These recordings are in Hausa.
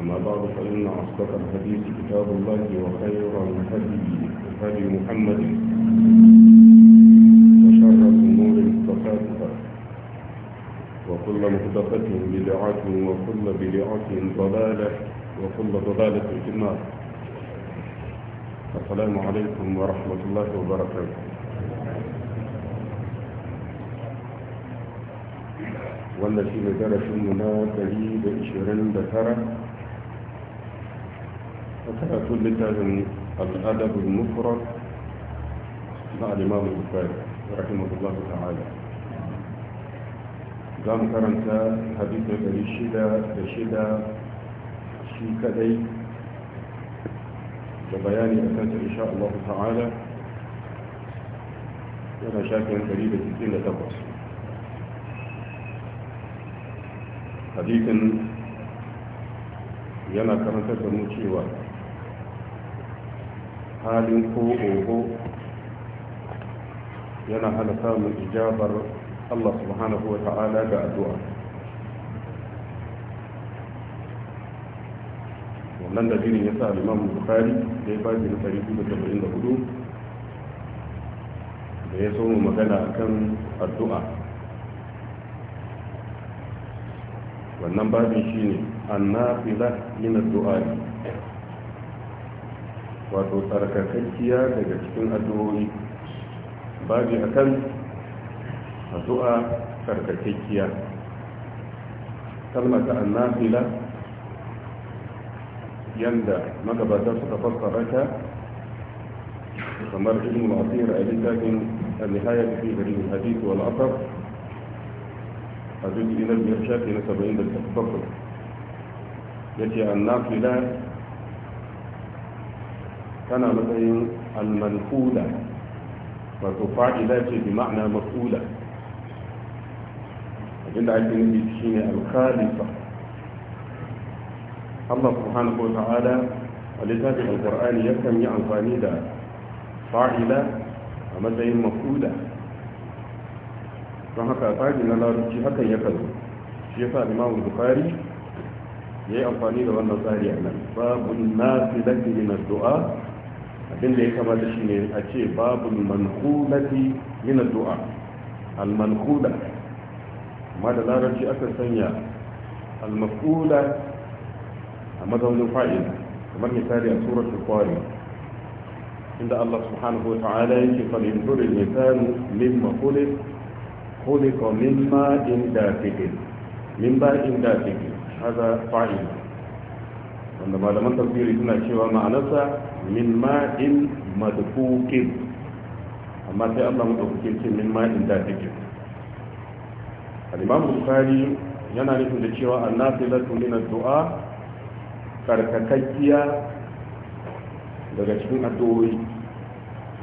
أما بعد فإن أصدق الحديث كتاب الله وخير الهدي هدي محمد وشر الأمور محدثاتها وكل محدثة بدعة وكل بدعة ضلالة وكل ضلالة في النار السلام عليكم ورحمة الله وبركاته والذي shi ne تهيب na 129 فتأتوا لتاه الأدب المفرد مع الإمام الكفاية رحمه الله تعالى قام كرمتا حديثة بشدة بشدة شي كدي كبياني إن شاء الله تعالى أنا شاكا قريبة كتير لتقص حديثا yana karantar da mu halin ko ogo yana hana samun ijabar Allah subhanahu wa ta'ala ga addu'a wannan da jirin ya sa liman bukari da ya baji na 274 da ya so mu magana kan addu'a wannan babin shi ne an yi na addu'a wato tsarkakakkiya daga cikin addu'o'i babu akan addu'a tsarkakakkiya kalmata annafila yanda magabata suka fassara ta kamar ibn al-asir a littafin al-nihaya fi gari al-hadith wal asr a duk ilan biyar shafi na 77 yace annafila tana matsayin almanfula wato fa'ila ce bi ma'ana mafula abinda ake nufi shine alkhalifa Allah subhanahu wa ta'ala a littafin alkur'ani yakan yi amfani da fa'ila a matsayin mafula don haka tsari na larabci hakan ya kazo shi yasa imamu bukari ya yi amfani da wannan tsari a nan babu nasi lafi min addu'a abin da ya kamata shi ne a ce babu manhulati min addu'a al-manhula amma da larabci aka sanya al-maf'ula a mazaunin fa'il kamar misali a suratul qari inda Allah subhanahu wa ta'ala yake fa in duril insan mimma khuliq khuliqa mimma in dafiq min ba'in dafiq hada fa'il wanda malaman tafsiri suna cewa ma'anarsa min ma'in madfuqin amma sai Allah madaukakin ce min ma'in dafiqin al-imam bukhari yana nufin da cewa annasilatu min ad-du'a karkakakkiya daga cikin addu'o'i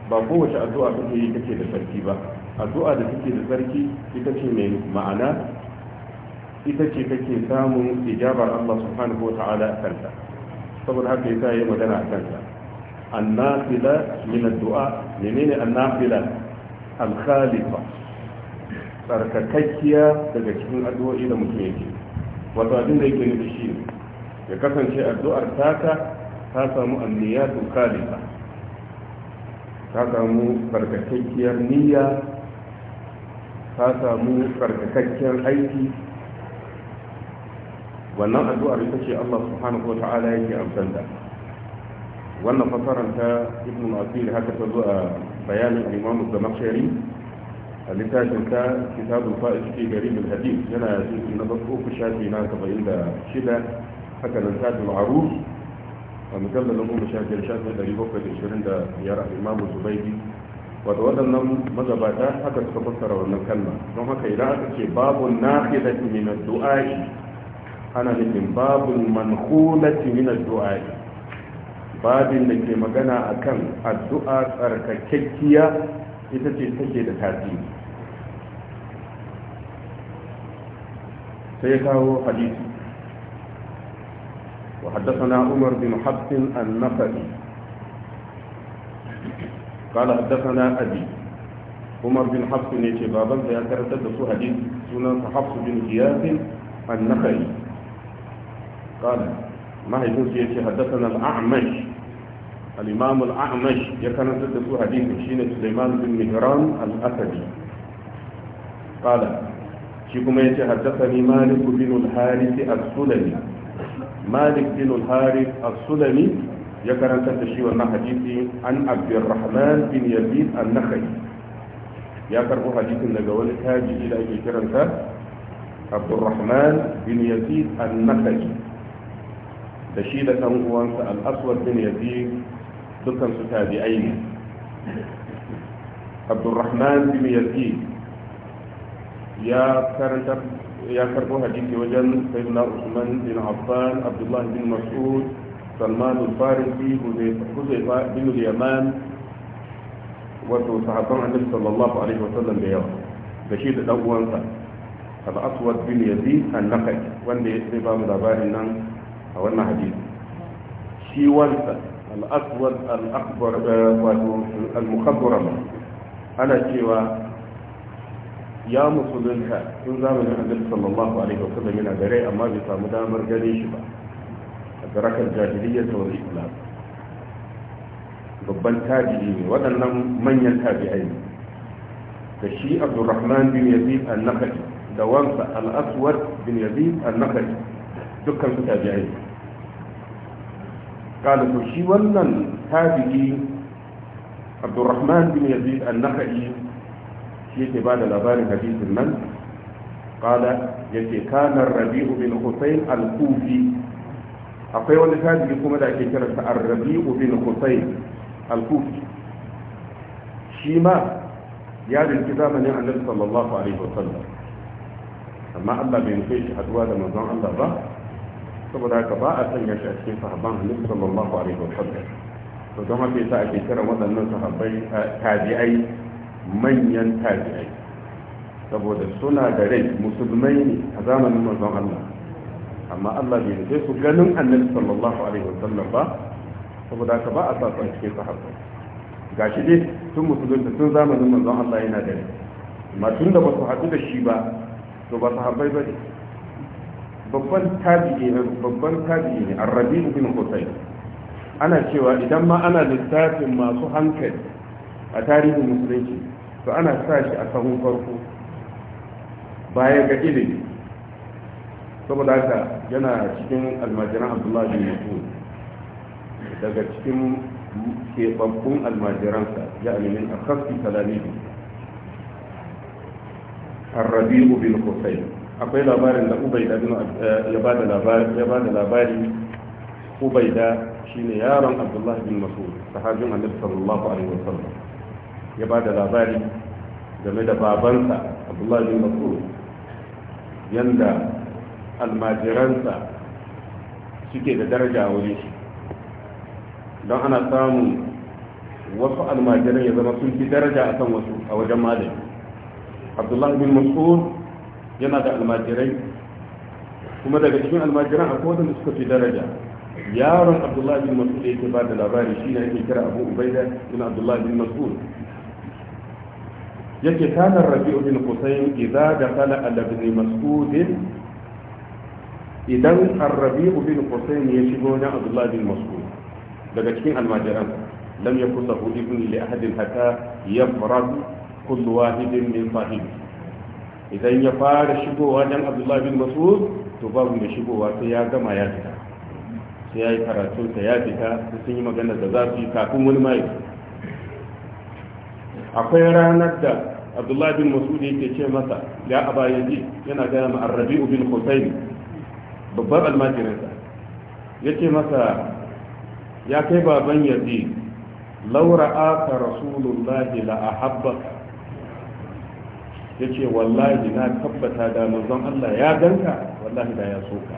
ba kowace addu'a take yi take da sarki ba addu'a da take da sarki ita ce mai ma'ana ita ce take samun ijabar Allah subhanahu wa ta'ala kanta saboda haka ya yi magana a kanta annafila min addu'a menene annafila al-khalifa tsarkakakkiya daga cikin addu'o'i da mutum yake wato abin da yake nufi shi ya kasance addu'ar taka ta samu anniyatu khalifa ta samu tsarkakakkiyar niyya ta samu tsarkakakkiyar aiki wannan addu'ar ita ce Allah subhanahu wa ta'ala yake amsanta wannan fasaran ta ibnu masir haka ta zo a bayanin al-imam az-zamakhshari a littafin ta Kitab al fa'id fi garib al-hadith yana cikin na farko shafi na 76 haka nan tajul aruf a mujallal na goma shafi shafi 725 al-imam zubaydi wato wadannan magabata haka suka fassara wannan kalma don haka idan aka ce babu naqidati min ad dua ana nufin babul manhulati min addu'a babin da ke magana akan addu'a tsarkakekkiya ita ce take da tafi. sai kawo hadisi وحدثنا عمر بن حفص النفري قال حدثنا أبي عمر بن حفص نيتي بابا يا كرتد حديث سنن حفص بن غياث النفري قال ما يجوز يشي حدثنا الأعمش الإمام الأعمش يكن ضد حديث شين سليمان بن مهران الأسدي قال شيكم حدثني مالك بن الحارث السلمي مالك بن الحارث السلمي يكن ضد شي عن عبد الرحمن بن يزيد النخعي يا كربو حديث النجوان التاجي إلى أي عبد الرحمن بن يزيد النخعي da shi da ɗan uwansa al'aswar bin yazid dukkan su tabi'ai ne abdurrahman bin yazid ya karanta ya karbo hadisi wajen sayyidina usman bin affan abdullah bin mas'ud salman al-farisi huzaifa bin yaman wato sahabban annabi sallallahu alaihi wasallam da yawa da shi da dan uwansa al-aswad bin yazid an-naqi wanda ya ba mu labarin nan a wannan hadisi shi wansa al-aswad al-akbar eh, wato al-mukabbar ana cewa ya musulunta in zamanin annabi sallallahu alaihi wasallam yana da rai amma bai samu damar gane shi ba a garakar jahiliyyar ta wani islam babban tabi'i ne waɗannan manyan tabi'ai ne da shi abdurrahman bin yazid an-nakhai da wansa al-aswad bin yazid an-nakhai dukkan su tabi'ai ne kala shi wannan tabi'i Abdulrahman bin yazid an-nakhai shi yake ba da labarin hadisin nan kala yake kana rabi'u bin husayn al-kufi akwai wani tabi'i kuma da ake kiransa ar-rabi'u bin husayn al-kufi shi ma ya rinki zamanin annabi sallallahu alaihi wasallam amma Allah bai nufe shi haduwa da manzon Allah ba saboda haka ba a sanya shi a cikin sahabban annabi sallallahu alaihi wasallam to don haka yasa ake kiran waɗannan sahabbai tabi'ai manyan tabi'ai saboda suna da rai musulmai ne a zamanin manzon Allah amma Allah bai nufe su ganin annabi sallallahu alaihi wasallam ba saboda haka ba a sa su cikin sahabbai gashi dai tun musulunta tun zamanin manzon Allah yana da rai amma tun da ba su haɗu da shi ba to ba sahabbai ba ne babban tabi'i ne babban tabi'i ne arabi bin husayn ana cewa idan ma ana littafin masu hankali a tarihin musulunci to ana sa shi a sahun farko baya ga ilimi saboda haka yana cikin almajiran abdullahi bin mutum daga cikin keɓaɓɓun almajiransa ya alimin a kafi talamihi rabi'u bin حسين akwai labarin da ubaida eh, ya ba da labari ubaida ne yaron abdullahi bin masud sahabin annabi sallallahu alaihi wasallam ya ba da labari game da babansa abdullahi bin Masu. yanda almajiransa suke da daraja a wuri shi don ana samun wasu almajiran ya zama sun fi daraja a kan wasu a wajen malami abdullahi bin Masu. yana da almajirai kuma daga cikin almajiran akwai wadanda suka fi daraja yaron abdullahi bin mas'ud yake ba da labari shi ne yake kira abu ubaida bin abdullahi bin mas'ud yake kana rabi'u bin husayn idza dakala ala ibn mas'ud idan ar-rabi'u bin husayn ya shigo na abdullahi bin mas'ud daga cikin almajiran lam yakusahu ibn li ahadin hatta yafrad kullu wahidin min sahibi idan ya fara shigowa dan abdullahi bin mas'ud to babu mai shigowa sai ya gama ya fita sai ya yi karatu ta ya fita sai sun yi magana da za su yi kafin wani mai akwai ranar da abdullahi bin mas'ud yake ce masa ya aba yanzu yana gaya ma arrabi'u bin husaini babban almajirinsa ya ce masa ya kai baban yanzu laura aka rasulullahi la ahabbaka ya ce wallahi na tabbata da manzon Allah ya ganka wallahi da ya soka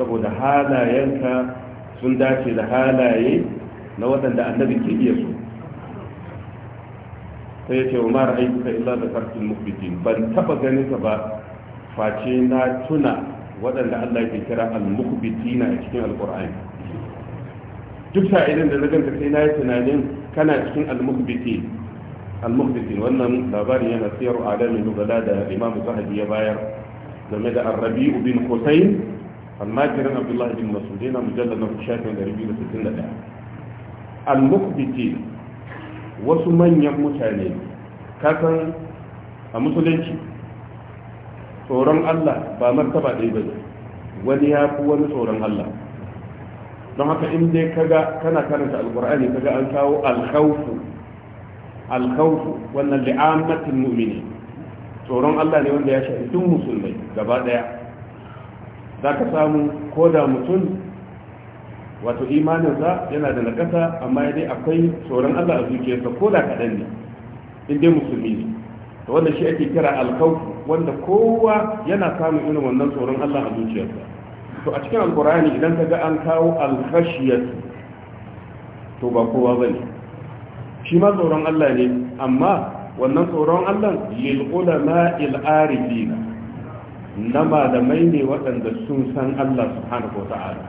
saboda halayenka sun dace da halaye na waɗanda annabi ke iya so sai ya ce wa mara aikuka illa da karfin mukbitin ban taɓa ganin ka ba face na tuna waɗanda Allah ke kira al-mukbitina a cikin alƙur'ani duk sa'ilin da na ganka sai na yi tunanin kana cikin al-mukbitin al-muhdisin wannan labarin yana siyar alamin nubala da imam zahabi ya bayar game da arrabi bin husayn almajirin abdullahi bin masud yana mujallar na shafin 261 al-muhdisin wasu manyan mutane kasan a musulunci tsoron allah ba martaba ɗaya ba wani ya fi wani tsoron allah don haka in dai kaga kana karanta alkur'ani kaga an kawo alkhawfu alkhawf wannan li'ammatil mu'mini tsoron Allah ne wanda ya shafi duk musulmai gaba daya zaka samu da mutum wato imaninsa yana da nakasa amma dai akwai tsoron Allah a zuciyarsa ko da kaɗan ne inda musulmi ne to wanda shi ake kira alkawf wanda kowa yana samun irin wannan tsoron Allah a zuciyarsa to a cikin alkurani idan ka ga an kawo alkhashiyatu to ba kowa ne. shi ma tsoron Allah ne amma wannan tsoron Allah lil ulama il arifina na malamai ne waɗanda sun san Allah subhanahu wata'ala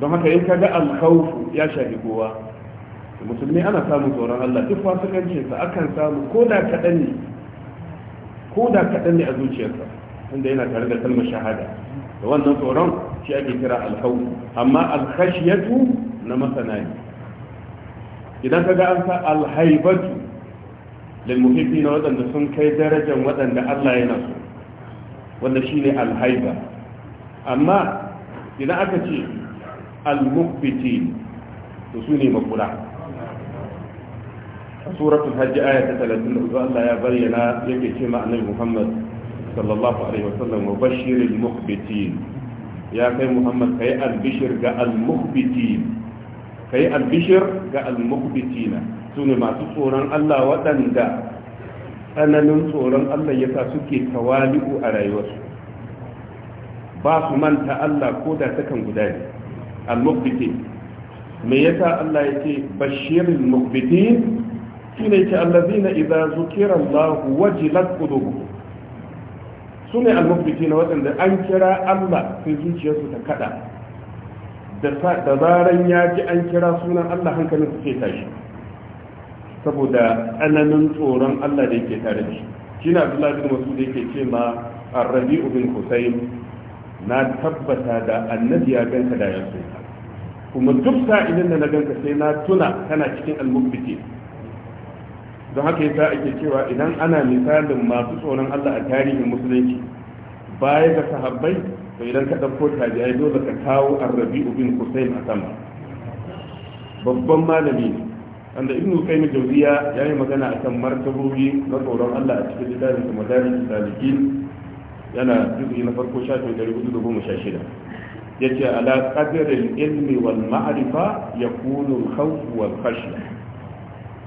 don haka in kaga alkhawf ya shafi kowa musulmi ana samun tsoron Allah duk fasikancinsa akan samu ko da kaɗan ne ko da kaɗan ne a zuciyarsa inda yana tare da kalmar shahada da wannan tsoron shi ake kira alhawu amma alkhashiyatu na masana ne idan kaga an sa alhaibatu lil muhibbina wadanda sun kai darajar wadanda Allah yana so wanda shi ne alhaiba amma idan aka ce almuqbitin to sune makura suratul hajj ayat 33 Allah ya bayyana yake ce ma'anar Muhammad sallallahu alaihi wasallam wa bashiril muqbitin ya kai Muhammad kai albishir ga almuqbitin ka yi albishir ga almukbitina su masu tsoron Allah waɗanda tsananin tsoron Allah ya sa suke tawali'u a rayuwarsu ba su manta Allah ko da takan guda ne almukbitin me yasa Allah ya ce bashirin mukbitin Sune ne ce allazina idza zukira Allah wajilat sune almukbitin waɗanda an kira Allah sai zuciyarsu ta kada da zaran ya ji an kira sunan Allah hankalin su ke tashi saboda tsananin tsoron Allah da yake tare da shi shi na Abdullahi masu da yake ce ma a rabiu bin kusai na tabbata da annabi ya ganka da yaso kuma duk sa'ilin da na ganka sai na tuna tana cikin al don haka yasa ake cewa idan ana misalin masu tsoron Allah a tarihin musulunci baya ga sahabbai to idan ka ɗauko tabi'ai dole ka kawo arrabi Ubin husayn a sama babban malami ne wanda ibnu qayyim ya yi magana akan martabobi na tsoron Allah a cikin littafin sa madaris salikin yana juzu'i na farko shida, ya yace ala qadril ilmi wal ma'arifa ya al khawf wal khashya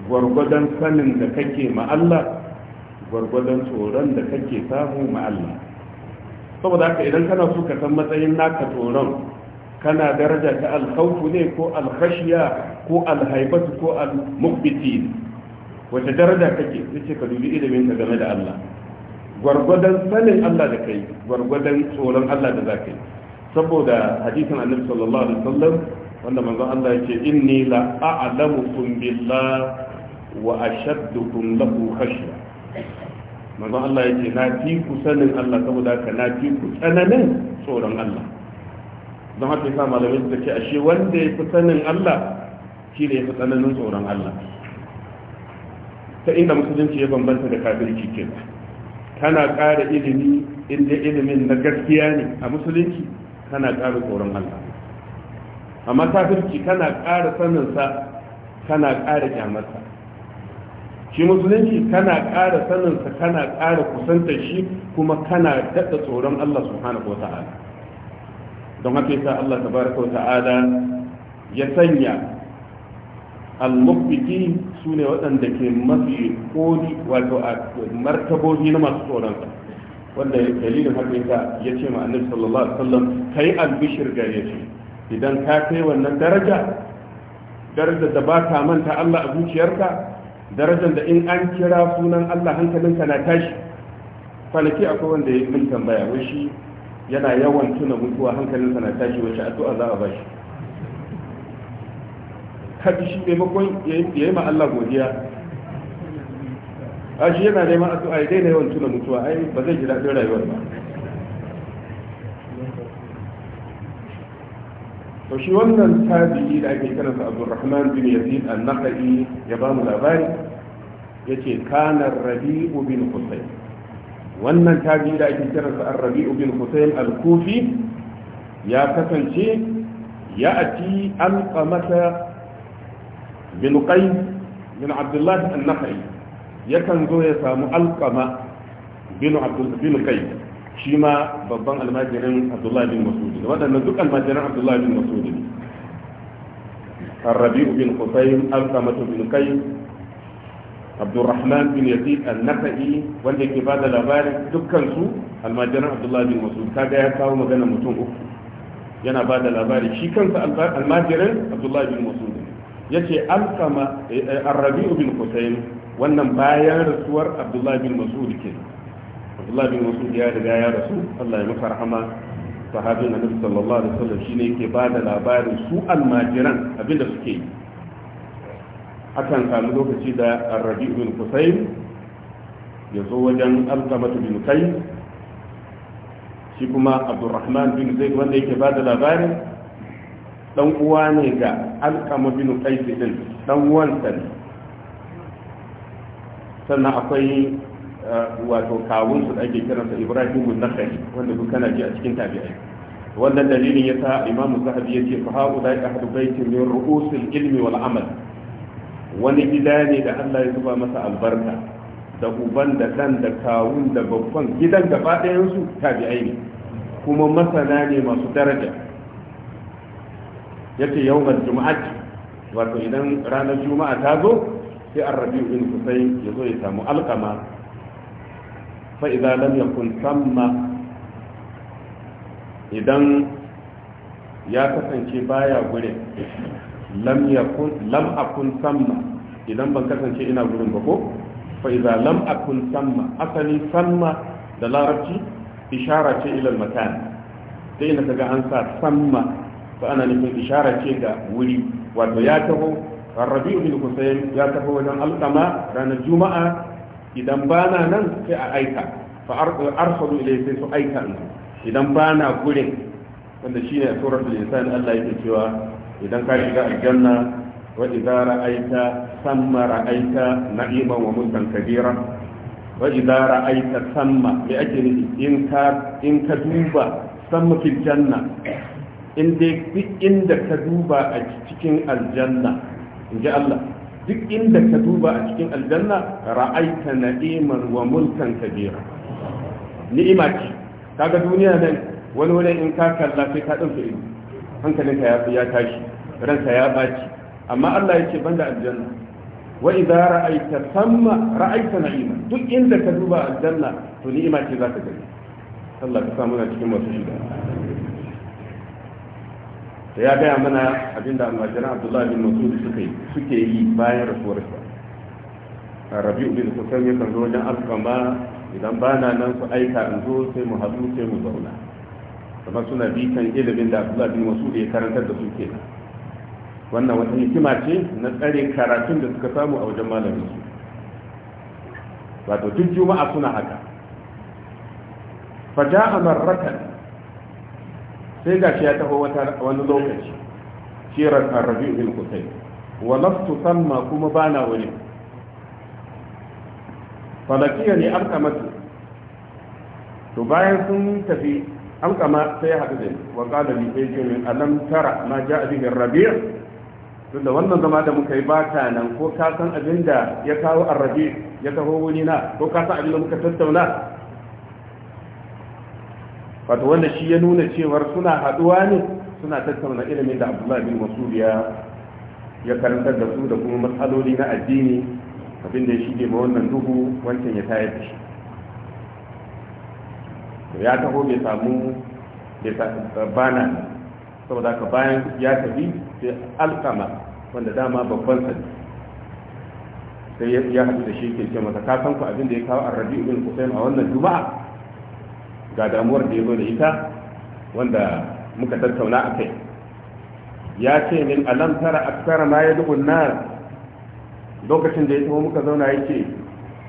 gwargwadon sanin da kake ma Allah gwargwadon tsoron da kake samu ma Allah saboda haka idan kana so ka san matsayin naka tsoron kana daraja ta alkhawfu ne ko alhashiya ko alhaibatu ko almukbitin wace daraja kake sai ka dubi ilimin ka game da Allah gwargwadon sanin Allah da kai gwargwadon tsoron Allah da za yi saboda hadisin annabi sallallahu alaihi wasallam wanda manzon Allah yake inni la a'lamukum billah wa ashaddukum lahu khashya manzon Allah yake na fi ku sanin Allah saboda ka na fi ku tsananin tsoron Allah don haka yasa malamai suka ce ashe wanda ya fi sanin Allah shi ne ya fi tsananin tsoron Allah ta inda musulunci ya bambanta da kafirci ke kana ƙara ilimi inda ilimin na gaskiya ne a musulunci kana ƙara tsoron Allah amma kafirci kana ƙara saninsa kana ƙara kyamarsa shi musulunci kana ƙara saninsa kana ƙara kusantar shi kuma kana daɗa tsoron Allah subhanahu wa ta'ala don haka yasa Allah tabaraka wa ta'ala ya sanya al-muqbiqi sune waɗanda ke mafi koli wato a martabobi na masu tsoronsa wanda dalilin haka yasa ya ce ma annabi sallallahu alaihi wasallam kai albishir gare shi idan ka kai wannan daraja daraja da ba ka manta Allah a zuciyarka darajar da in an kira sunan Allah hankalinka na tashi kwanaki akwai wanda ya yi tambaya wai shi yana yawan tuna mutuwa hankalinsa na tashi wace addu'a za a bashi kaji shi maimakon ya yi ma Allah godiya a shi yana neman addu'a ya daina yawan tuna mutuwa ai ba zai ji daɗin rayuwar ba to shi wannan tabi'i da ake kiransa abdurrahman bin yazid an ya ba mu labari yace kana rabi'u bin husayn wannan tabi'i da ake kiransa ar-rabi'u bin husayn al-kufi ya kasance ya ati alqamata bin qais bin abdullah an yakan zo ya samu alqama bin abdul shi ma babban almajirin abdullahi bin masudi waɗannan duk almajirin abdullahi bin masudi الربيع بن حسين ألقمة بن قيس عبد الرحمن بن يزيد النفعي wanda ke bada labarin dukkan almajirin abdullahi bin masud kaga ya kawo magana mutum uku yana bada labari shi kansa almajirin abdullahi bin masud yace alkama eh, eh, arrabi'u bin husayn wannan bayan rasuwar abdullahi bin masud kenan Allah bin wasu ya riga ya rasu Allah ya masa rahama sahabin annabi sallallahu alaihi wasallam shine yake ba da labarin su almajiran abinda suke yi akan samu lokaci da Rabi bin Husayn ya zo wajen Alqamah bin Kai shi kuma Abdurrahman bin Zaid wanda yake ba da labarin dan uwa ne ga Alqamah bin Kai din dan uwansa sannan akwai wato kawunsu su ake kiransa ibrahim nakhai wanda duk kana ji a cikin tabi'ai wannan dalilin ya yasa imam zahabi ce fa haula ahadu baitin min ru'usil ilmi wal amal wani gida ne da Allah ya zuba masa albarka da uban da dan da kawun da babban gidan gaba ɗayan su tabi'ai ne kuma masana ne masu daraja yace yawmal jumu'ati wato idan ranar juma'a ta zo sai arrabi'u bin husayn ya zo ya samu alkama fa idza lam samma idan ya kasance baya gure lam yakun lam samma idan ban kasance ina gurin ba ko fa idza lam samma asali samma da larabci ishara ce ilal makan sai na kaga an samma fa ana nufin ga wuri wato ya taho ya taho wajen alqama ranar juma'a idan bana nan sai a aika fa arsalu ilai sai su aika in idan bana gurin wanda shine a suratul insan Allah yake cewa idan ka shiga aljanna wa idza ra'aita samma ra'aita na'iman wa mulkan kabira wa idza ra'aita samma me ake in ka in ka duba samma fil janna in dai inda ka duba a cikin aljanna in ji Allah duk inda ka duba a cikin aljanna ra'aita na'imar wa mulkan kabira ni'ima ce kaga duniya nan wani wani in ka kalla sai ka dauke ido hankalinka ya ya tashi ranka ya baci amma Allah yake banda aljanna wa idza ra'aita thamma ra'aita na'iman duk inda ka duba aljanna to ni'ima ce za ka gani Allah ka samu na cikin masu shiga da ya gaya mana abinda almajiran abdullahi bin suka suke suke yi bayan rasuwar sa rabi'u da kusan yi kan zo wajen ba idan ba na nan su aika in zo sai mu haɗu sai mu zauna kamar suna bitan ilimin da abdullahi bin da ya karantar da su ke wannan wata hikima ce na tsare karatun da suka samu a wajen malamin su wato duk juma'a suna haka faja'a marratan sai gashi ya taho wani lokaci shirar arrabi bil kusai wa laftu samma kuma bana wani falakiya ne an kama su. to bayan sun tafi an kama sai ya haɗu da wa ƙada bi sai ce min alam tara ma ja bihi rabi' tunda wannan zama da muka yi ba ta nan ko ka san abin da ya kawo arrabi ya taho wani na ko ka san abin da muka tattauna wato wanda shi ya nuna cewar suna haduwa ne suna tattauna ilimin da abdullahi bin masud ya ya karantar da su da kuma matsaloli na addini abin da ya shige ma wannan duhu wancan ya tayar da shi ya taho bai samu bana saboda ka bayan ya tafi sai alkama wanda dama babban sa sai ya haɗu da shi ke ce masa ka san ku abin da ya kawo arrabi ibn husayn a wannan juma'a ga damuwar da ya zo da ita wanda muka tattauna a kai ya ce min alam tara aksara ma ya dubun lokacin da ya taho muka zauna ya ce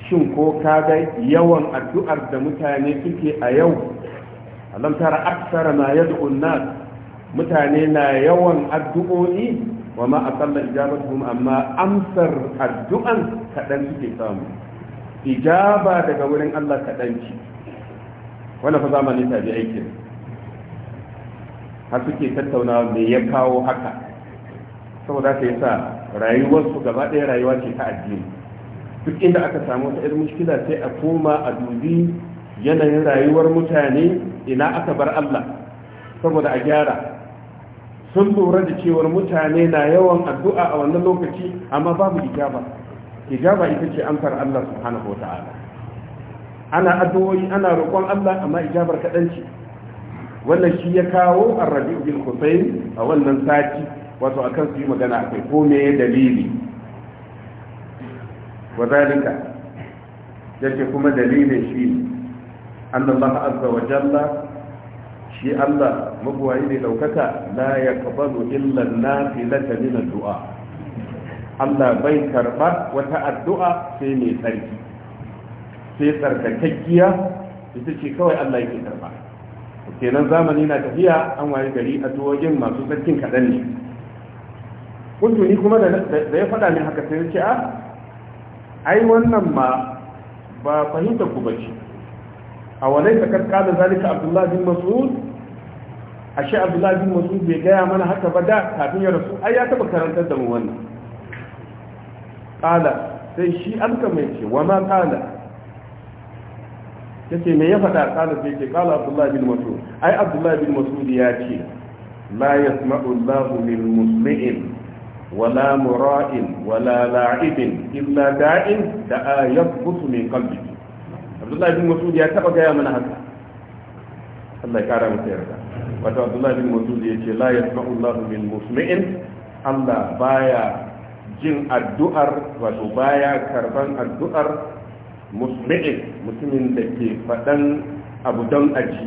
shin ko ka ga yawan addu'ar da mutane suke a yau alam tara aksara ma ya dubun mutane na yawan addu'o'i wa ma aqalla ijabatuhum amma amsar addu'an kaɗan suke samu ijaba daga wurin Allah kaɗanci. ce wanda fa zamani tabi aikin har suke tattauna me ya kawo haka saboda ta yasa rayuwarsu gaba ɗaya rayuwa ce ta addini duk inda aka samu wata irin mushkila sai a koma a dubi yanayin rayuwar mutane ina aka bar Allah saboda a gyara sun lura da cewar mutane na yawan addu'a a wannan lokaci amma babu ijaba ijaba ita ce amsar Allah subhanahu wa ta'ala ana addu'o'i ana roƙon Allah amma ijabar kaɗan ce wannan shi ya kawo arrabi bin Hussein a wannan sati wato akan su yi magana akai ko me dalili wa zalika yake kuma dalilin shi annallahu azza wa jalla shi Allah magwayi ne daukaka la yaqbalu illa an-nafilata min ad-du'a Allah bai karba wata addu'a sai mai tsarki sai tsarkakakkiya ita ce kawai Allah yake karba kenan zamani na tafiya an waye gari a tuwogin masu tsarkin kaɗan ne kuntu ni kuma da ya faɗa ni haka sai ce a ah, ai wannan ma ba fahimta ku bace a walai ta da zalika abdullahi bin mas'ud ashe abdullahi bin mas'ud bai gaya mana haka ba da kafin ya rasu ai ya taɓa karantar da mu wannan ƙala sai shi alka mai ce wa ma ƙala ce me ya faɗa kana sai ce kala abdullahi bin mas'ud ai abdullahi bin mas'ud ya ce la ya yasma'u ullahu min muslimin wala mura'in wala la'ibin illa da'in da a ayyabutu min qalbi abdullahi bin mas'ud ya taba gaya mana haka Allah ya kara masa yarda wato abdullahi bin mas'ud ya ce la ya yasma'u ullahu min muslimin Allah baya jin addu'ar wato baya karban addu'ar musbi'in mutumin da ke faɗan abu don aji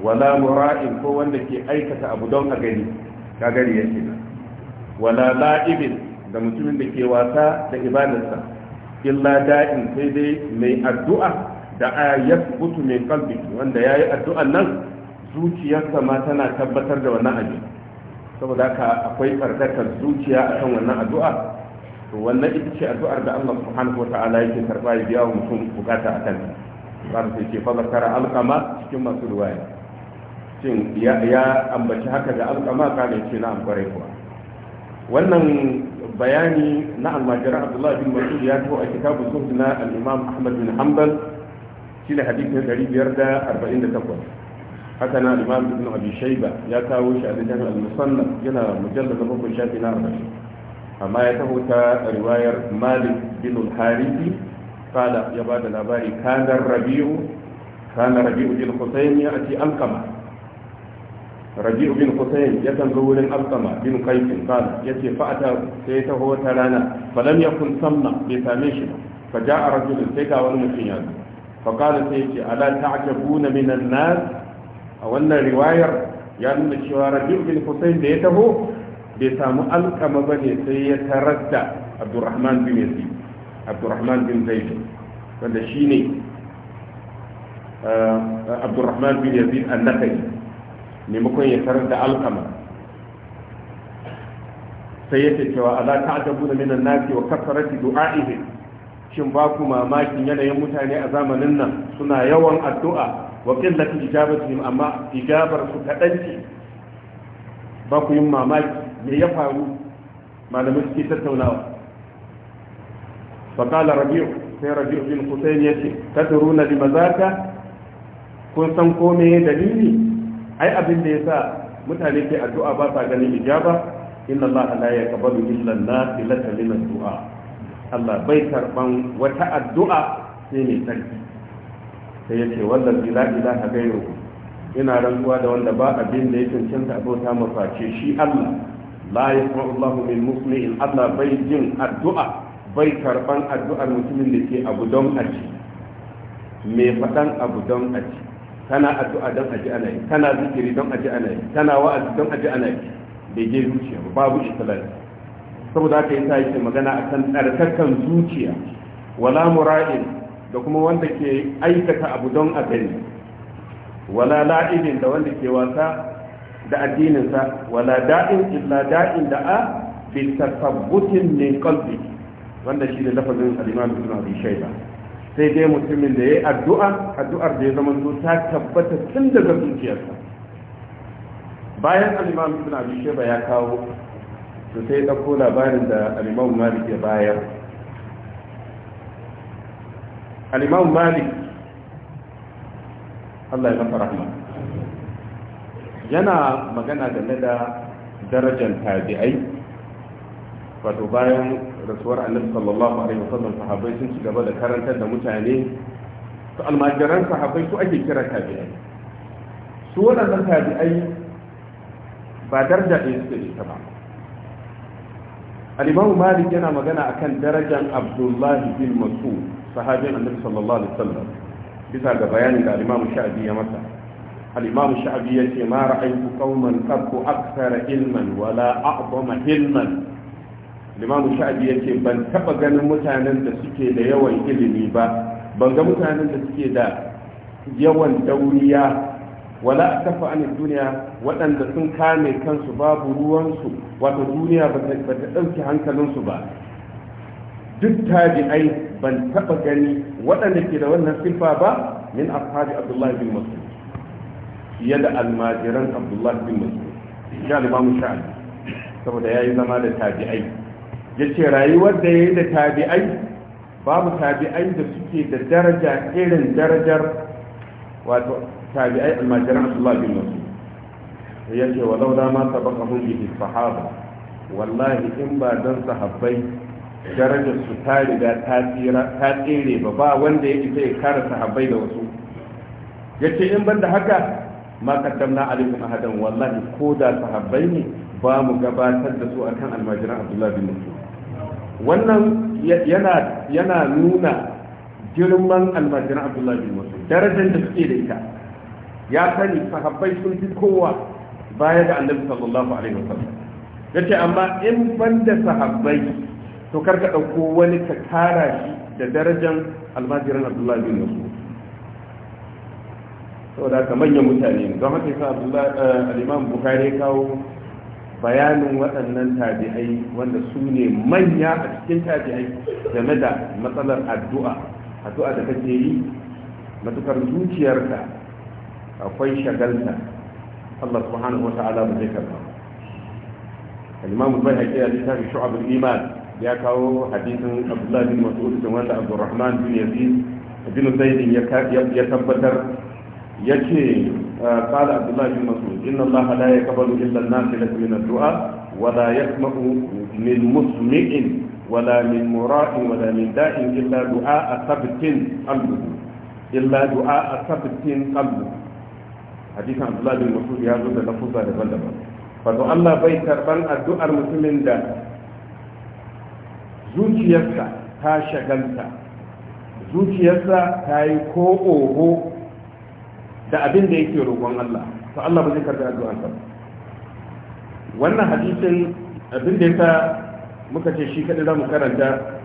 wala mura'in ko wanda ke aikata abu don a gani ka gani yake na. wala la'ibin da mutumin da ke wasa da ibadarsa illa da'in sai dai mai addu'a da ayat mutu mai kalbi wanda ya yi addu'an nan zuciyarsa ma tana tabbatar da wannan aji. saboda haka akwai karkatar zuciya akan wannan addu'a to wannan ita ce addu'ar da Allah subhanahu wata'ala yake karba ya biya wa mutum bukata a kan ba sai ce fa zakara alqama cikin masu ruwaya shin ya ambaci haka da alqama ne ce na ambare kuwa wannan bayani na almajiran abdullah bin masud ya taho a kitabu sunna na al-imam ahmad bin hanbal shine da 548 haka na al-imam ibn abi shayba ya kawo shi a littafin al-musannaf yana mujallad babban shafi na arba'in. amma ya taho ta riwayar malik bin al kala ya ba da labari kanar rabi'u kanar rabi'u bin husayn ya ati alkama rabi'u bin husayn ya kan zo wurin alkama bin qaisin kala yace fa ata sai taho ta rana falam yakun samma bai same shi ba fa ja'a rajulun sai ga wani mutum ya zo fa kala sai yace ala ta'jabuna min an-nas a wannan riwayar ya nuna cewa rabi'u bin husayn da ya taho bai samu alkama ba ne sai ya tarar da abdurrahman bin Yazi. abdurrahman bin zaid wanda shi ne eh, abdurrahman bin Yazi yazid annakai maimakon ya tarar da alkama sai yake cewa ala ta'tabu minan nasi wa kasarati du'a'ihim shin ba ku mamakin yanayin mutane a zamanin nan suna yawan addu'a wa qillati ijabatihim amma ijabar su kadanci ba ku yin mamaki me ya faru malamai suke tattaunawa faƙala rabi'u sai rabi'u bin husayn ya ce ta limazaka kun san ko me dalili ai abin da ya sa mutane ke addu'a ba sa ganin ijaba inna allaha la yaqbalu illa an-nasilata dua Allah bai karban wata addu'a sai ne sarki sai yace wallahi la ilaha gairu ina rantsuwa da wanda ba abin da ya cancanta abota maface shi Allah la yasma'u Allahu min musli'in Allah bai jin addu'a bai karban addu'ar mutumin da ke abu don aji me fadan abu don aji kana addu'a don aji ana yi kana zikiri don aji ana yi kana wa'azi don aji ana yi da ke zuciya ba babu ikhlasi saboda haka yasa yake magana akan tsarkakan zuciya wala mura'in da kuma wanda ke aikata abu don a gani wala la'ibin da wanda ke wasa da addininsa wala da'in illa da'in da'a fi tasabbutin min qalbi wanda shi ne lafazin al-Imam Ibn Abi Shayba sai dai mutumin da yayi addu'a addu'ar da ya zama to ta tabbata tun daga zuciyarsa bayan al-Imam Ibn Abi Shayba ya kawo to sai dauko labarin da al-Imam Malik ya bayar al-Imam Malik Allah ya masa rahma yana magana game da darajar tabi'ai wato bayan rasuwar annabi sallallahu alaihi wasallam sahabbai sun ci gaba da karantar da mutane to almajiran sahabbai su ake kira tabi'ai su waɗannan tabi'ai ba daraja ɗaya suke da ita ba al-imamu malik yana magana akan darajar abdullahi bin Mas'u sahabin annabi sallallahu alaihi wasallam bisa ga bayanin da al-imamu sha'abi ya masa al-imam sha'abi yace ma ra'aytu qauman qattu akthara ilman wala a'zama ilman al-imam sha'abi yace ban taba ganin mutanen da suke da yawan ilimi ba ban ga mutanen da suke da yawan dauriya wala tafa an duniya waɗanda sun kame kansu babu ruwansu wato duniya ba ɗauki hankalinsu ba duk tabi'ai ban taɓa gani waɗanda ke da wannan siffa ba min ashabi abdullahi fiye da almajiran abdullahi bin mas'ud ya limamu sha'an saboda ya yi zama da tabi'ai ya ce rayuwar da ya yi da tabi'ai babu tabi'ai da suke da daraja irin darajar wato tabi'ai almajiran abdullahi bin mas'ud ya ce wa da ma sabaka hun bihi sahaba wallahi in ba don sahabbai darajar su ta riga ta tsere ba ba wanda ya isa ya kara sahabbai da wasu ya ce in ban da haka ma kaddamna alaikum ahadan wallahi ko da sahabbai ne ba mu gabatar da su akan almajiran abdullahi bin mas'ud wannan yana yana nuna girman almajiran abdullahi bin mas'ud darajar da suke da ita ya sani sahabbai sun fi kowa baya ga annabi sallallahu alaihi wasallam yace amma in banda sahabbai to karka dauko wani ka tara shi da darajar almajiran abdullahi bin mas'ud saboda haka manyan mutane ne don haka yasa eh, al-imam ya kawo bayanin waɗannan tabi'ai wanda su ne manya a cikin tabi'ai game da matsalar addu'a addu'a da kake yi matukar zuciyarka akwai shagalta Allah subhanahu wata'ala ba zai karba al-imam al-bayhaqi ya littafi shu'ab iman ya kawo hadisin abdullah bin mas'ud da wanda abdurrahman bin yazid bin zaid ya tabbatar yake kala abdullahi masu inna allaha la ya kabalu illa nafi lafi min addu'a wala ya kamahu min musmi'in wala min mura'in da'in illa du'a a sabitin kalbu illa du'a a sabitin kalbu hadisan abdullahi masu ya zo da lafuza daban-daban wato allah bai karban addu'ar mutumin da zuciyarsa ta shaganta zuciyarsa ta yi ko oho da abin da yake roƙon Allah to Allah ba zai karɓi addu'ar ba wannan hadisin abin da yasa muka ce shi kadai zamu karanta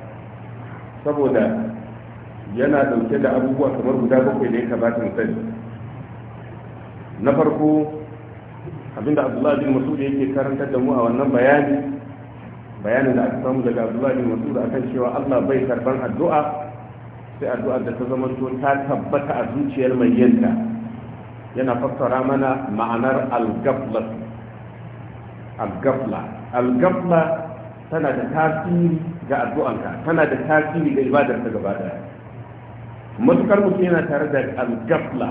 saboda yana dauke da abubuwa kamar guda bakwai da ya kamata mu sani na farko abinda Abdullahi bin Mas'ud yake karantar da mu a wannan bayani bayanin da aka samu daga Abdullahi bin Mas'ud akan cewa Allah bai karban addu'a sai addu'a da ta zama to ta tabbata a zuciyar mai yanta yana fassara mana ma'anar al-gafla al al-gafla tana da tasiri ga addu'anka tana da tasiri ga ibadarka gaba daya matukar mutum yana tare da al-gafla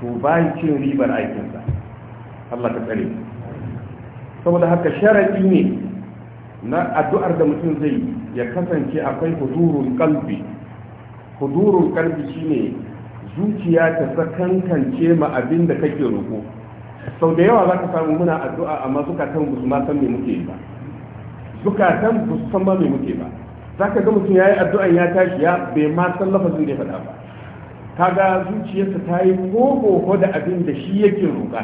to bayan cin ribar aikinsa Allah ka tsare saboda haka sharadi ne na addu'ar da mutum zai ya kasance akwai hudurun qalbi hudurun qalbi shine zuciya ta sakankance ma abin da kake roƙo sau da yawa za ka samu muna addu'a amma zukatan ba su ma san me muke ba zukatan ba su san ma me muke ba za ka ga mutum ya yi addu'an ya tashi ya bai ma san lafazin da ya faɗa ba ga zuciyarsa ta yi kogoho da abin da shi yake roƙa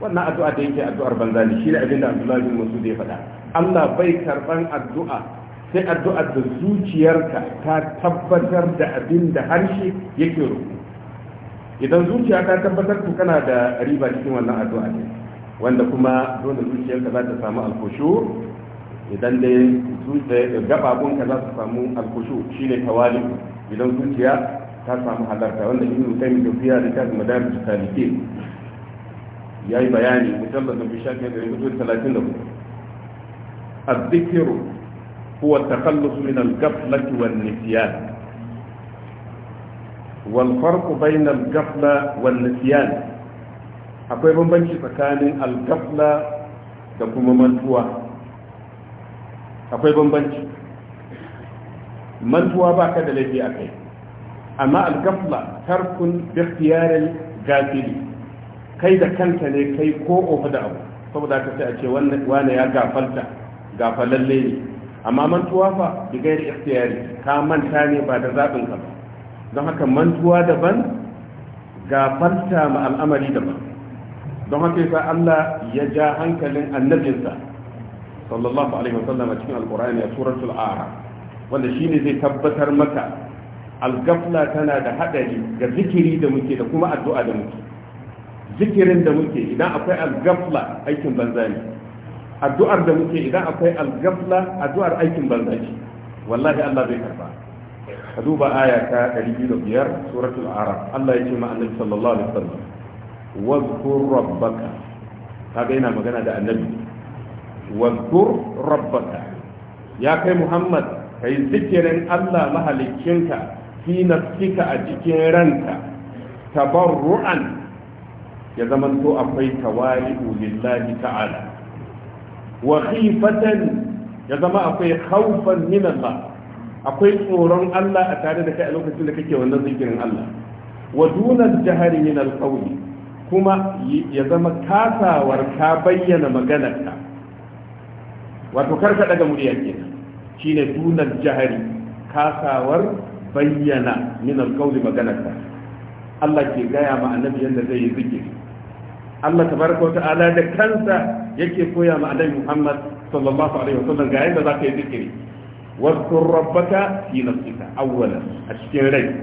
wannan addu'a da yake addu'ar banza ne shi ne abin da abdullahi bin da ya faɗa allah bai karɓan addu'a sai addu'ar da zuciyarka ta tabbatar da abin da harshe yake roƙo idan zuciya ta tabbatar ku kana da riba cikin wannan addu'a ne wanda kuma dole zuciyarka za ta samu alkushu idan dai gababunka za su samu alkushu shine tawali idan zuciya ta samu halarta wanda yi qayyim da fiya da ta madarij ya yayi bayani mutallal da bishafi da rubutu 34 az-zikru huwa at-takhallus min al-ghaflati wan wal farqu bainal ghafla wal nisyan akwai bambanci tsakanin al ghafla da kuma mantuwa akwai bambanci mantuwa ba ka da laifi a kai amma al-gafla tarkun bi ikhtiyarin gafili kai da kanta ne kai ko ofa da abu saboda ka sai a ce wane ya gafalta gafalalle ne amma mantuwa fa bi gairi ikhtiyari ka manta ne ba da zabin ka ba don haka mantuwa daban gafarta ma al'amari daban don haka yasa Allah ya ja hankalin annabinsa sallallahu alaihi wasallam a cikin alqur'ani a suratul a'raf wanda shine zai tabbatar maka algafla tana da hadari ga zikiri da muke da kuma addu'a da muke zikirin da muke idan akwai algafla aikin banza ne addu'ar da muke idan akwai algafla addu'ar aikin banza ce wallahi Allah zai karba ka duba aya ta biyar suratul arab Allah ya ce ma annabi sallallahu alaihi wasallam wazkur rabbaka ga yana magana da annabi wazkur rabbaka ya kai muhammad kai zikirin Allah mahalikinka fi nafsika a cikin ranka tabarru'an ya zamanto akwai tawali'u lillahi ta'ala wa khifatan ya zama akwai khawfan min Allah akwai tsoron Allah a tare da kai a lokacin da kake wannan zikirin Allah wa dunan jahari min alqawli kuma ya zama kasawar ka bayyana maganarka wato kar karka daga murya kenan shine dunan jahari kasawar bayyana min alqawli maganarka Allah ke gaya ma annabi yadda zai yi zikiri Allah tabaraka wa ta'ala da kansa yake koya ma annabi Muhammad sallallahu alaihi wasallam ga yadda zaka yi zikiri واذكر ربك في نفسك أولا أشكرين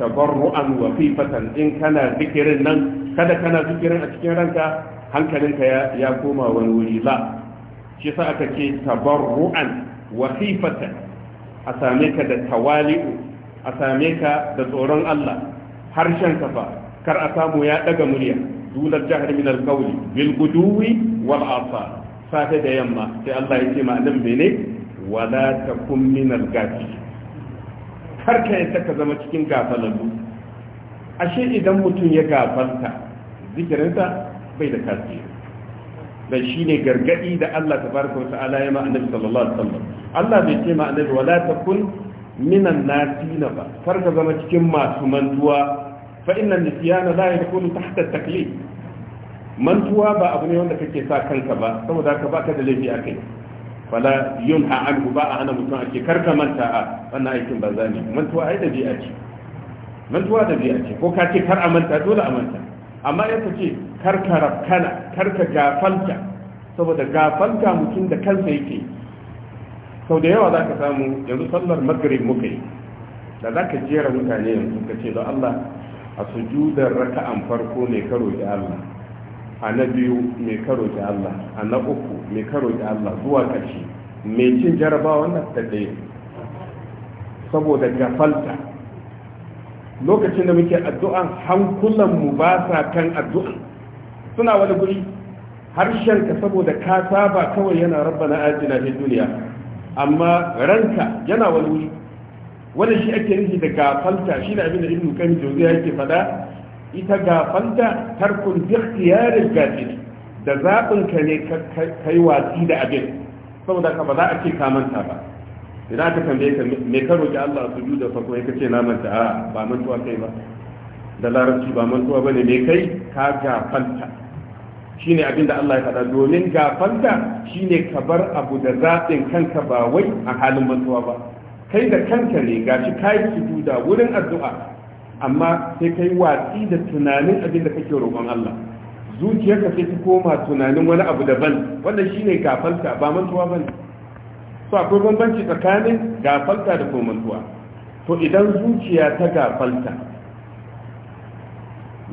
تضرعا وخيفة إن كان ذكر نن kana كان ذكر cikin ranka كان يا يا كوما ونولي لا shi sa aka ce tabarru'an wa khifatan a same ka da tawali'u a same ka da tsoron Allah harshen ka fa kar a samu ya daga murya dular jahar min wal safe da yamma sai Allah ya ce ma bene wala takun min al-gafi kar ka yadda ka zama cikin gafalallu ashe idan mutum ya gafalta zikirinsa bai da kasi. da shi ne gargadi da Allah ta baraka wa ta'ala ya ma'anar sallallahu alaihi wasallam Allah bai ce ma'anabi wala kun minan nasina ba kar ka zama cikin masu mantuwa fa inna nisyana la yakunu tahta taklif mantuwa ba abu ne wanda kake sa kanka ba saboda ka baka da laifi akai fala yunha anhu ba a hana mutum ake karka manta a wannan aikin banza ne mantuwa ai dabi'a ce mantuwa dabi'a ce ko ka ce kar a manta dole a manta amma ya ce kar ka karka kar ka gafalta saboda gafalta mutum da kansa yake sau da yawa za ka samu yanzu sallar magrib muka yi da za ka jera mutane yanzu ka ce da allah a sujudar raka'an farko ne karo da allah a na biyu mai karo da Allah a na uku mai karo da Allah zuwa ƙarshe mai cin jarabawa wannan ta ɗaya saboda gafalta lokacin da muke addu'a hankulanmu ba sa kan addu'a suna wani guri harshenka saboda ka saba kawai yana rabba rabbana ajina shi duniya amma ranka yana wani wuri Wani shi ake nufi da gafalta shi ne abin da ibnu kan jauziya yake faɗa ita gafanta tarkun bikhtiyarin gafir da ne ka ne kai watsi da abin saboda ka ba za a ce ka manta ba idan aka tambaye ka me ka roki Allah su ju da farko ya ce na manta a ba mantuwa kai ba da larabci ba mantuwa bane me kai ka gafanta shine abin da Allah ya faɗa domin gafanta shine ka bar abu da zaɓin kanka ba wai a halin mantuwa ba kai da kanka ne gashi kai sujuda wurin addu'a amma sai ka yi watsi da tunanin abin da kake roƙon Allah zuciyarka sai ta koma tunanin wani abu daban wannan shine gafalta ba mantuwa bane to akwai bambanci tsakanin gafalta da kuma to idan zuciya ta gafalta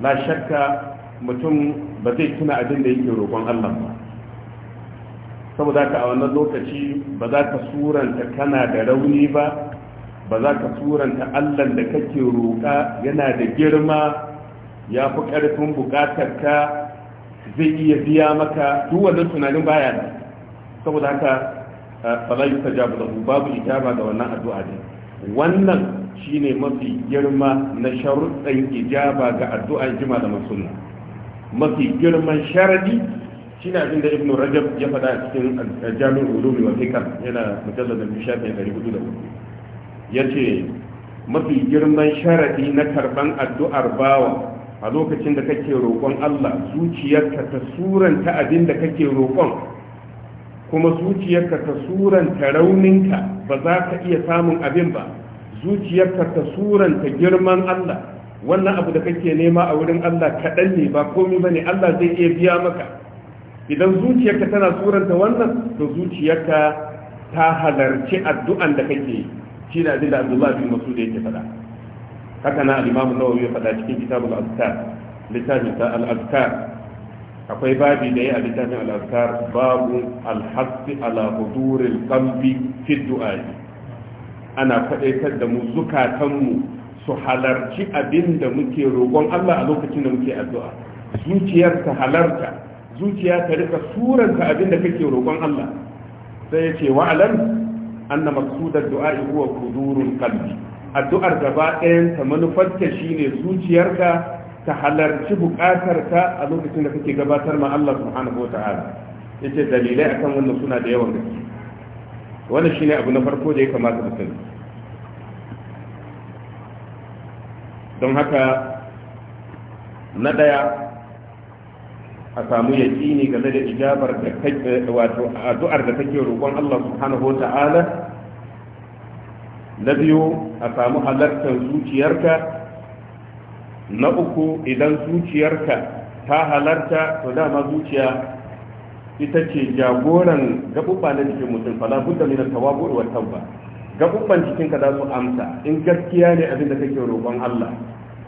la shakka mutum ba zai tuna abin da yake roƙon Allah ba saboda ka a wannan lokaci ba za ka suranta kana da rauni ba ba za ka turanta allan da kake roƙa yana da girma ya fi ƙarfin ka, zai iya biya maka duk tunanin baya da saboda haka ta jabu da babu ijaba ga wannan addu'a ne wannan shine mafi girma na sharuɗan ijaba ga addu'a jima da sunna mafi girman sharadi shi ne abinda ibn rajab ya faɗa cikin eh, jami'ar ulumi wa fikar yana mujallar da shafi 404 ya ce mafi girman sharaɗi na karban addu'ar bawa a lokacin da kake roƙon Allah zuciyarka ta suranta abin da kake roƙon kuma zuciyarka ta suranta rauninka ba za ka iya samun abin ba zuciyarka ta suranta girman Allah wannan abu da kake nema a wurin Allah kaɗan ne ba komi ba ne Allah zai iya biya maka idan zuciyarka tana suranta wannan to zuciyarka ta halarci addu'an da kake yi shi na abinda abdullahi bin masud yake faɗa haka na al-imam ya faɗa cikin kitabul azkar littafin ta akwai babi da ya a littafin al babu al ala huduril qalbi fi du'a ana faɗaitar da mu zukatanmu su halarci abin da muke roƙon Allah a lokacin da muke addu'a zuciyar ta halarta zuciya ta rika suranta abin da kake roƙon Allah sai ya ce wa'alan anna maqsudad du'a huwa hudurul qalbi addu'ar gaba ɗayan ta manufarta shine zuciyarka ta halarci buƙatarka a lokacin da kake gabatar ma Allah subhanahu wata'ala yace dalilai akan wannan suna da yawan gaske wannan shine abu na farko da ya kamata mu sani don haka na ɗaya a samu yaƙini game da ijabar da wato addu'ar da take roƙon Allah subhanahu wa ta'ala na biyu a samu halartar zuciyarka na uku idan zuciyarka ta halarta to dama zuciya ita ce jagoran gaɓuɓɓa na jikin mutum fala budda min tawabu wa tawba gaɓuɓɓan jikinka za su amsa in gaskiya ne abin da kake roƙon Allah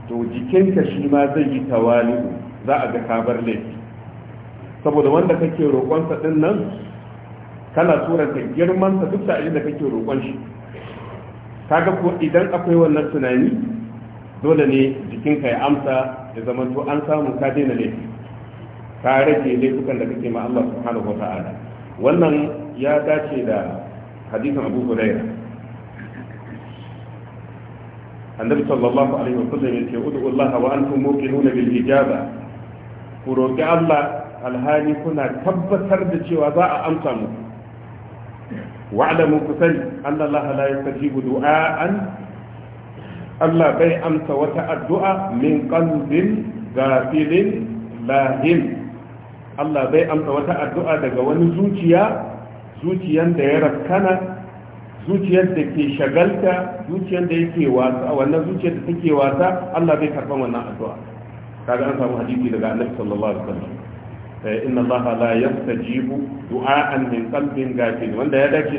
to jikinka shi ma zai yi tawali'u za a ga kabar laifi saboda wanda kake roƙonsa ɗin nan kana girman girmansa duk sa'ilin da kake roƙon shi kaga ko idan akwai wannan tunani dole ne jikinka ya amsa ya zama to an samu ka daina laifi ka rage laifukan da kake ma Allah subhanahu wa ta'ala wannan ya dace da hadisin Abu Hurairah annabi sallallahu alaihi wa sallam yace ud'u Allah wa antum muqinun bil ijaba ku roki Allah alhali kuna tabbatar da cewa za a amsa mu wa'lamu ku sani anna Allah la yastajibu du'a'an Allah bai amsa wata addu'a min qalbin gafilin lahin Allah bai amsa wata addu'a daga wani zuciya zuciyan da ya rakkana zuciyar da ke shagalta zuciyar da yake wasa wannan zuciyar da take wasa Allah bai karban wannan addu'a kaga an samu hadisi daga Annabi sallallahu alaihi wasallam إن الله لا يستجيب دعاء من قلب قاتل وأن يدك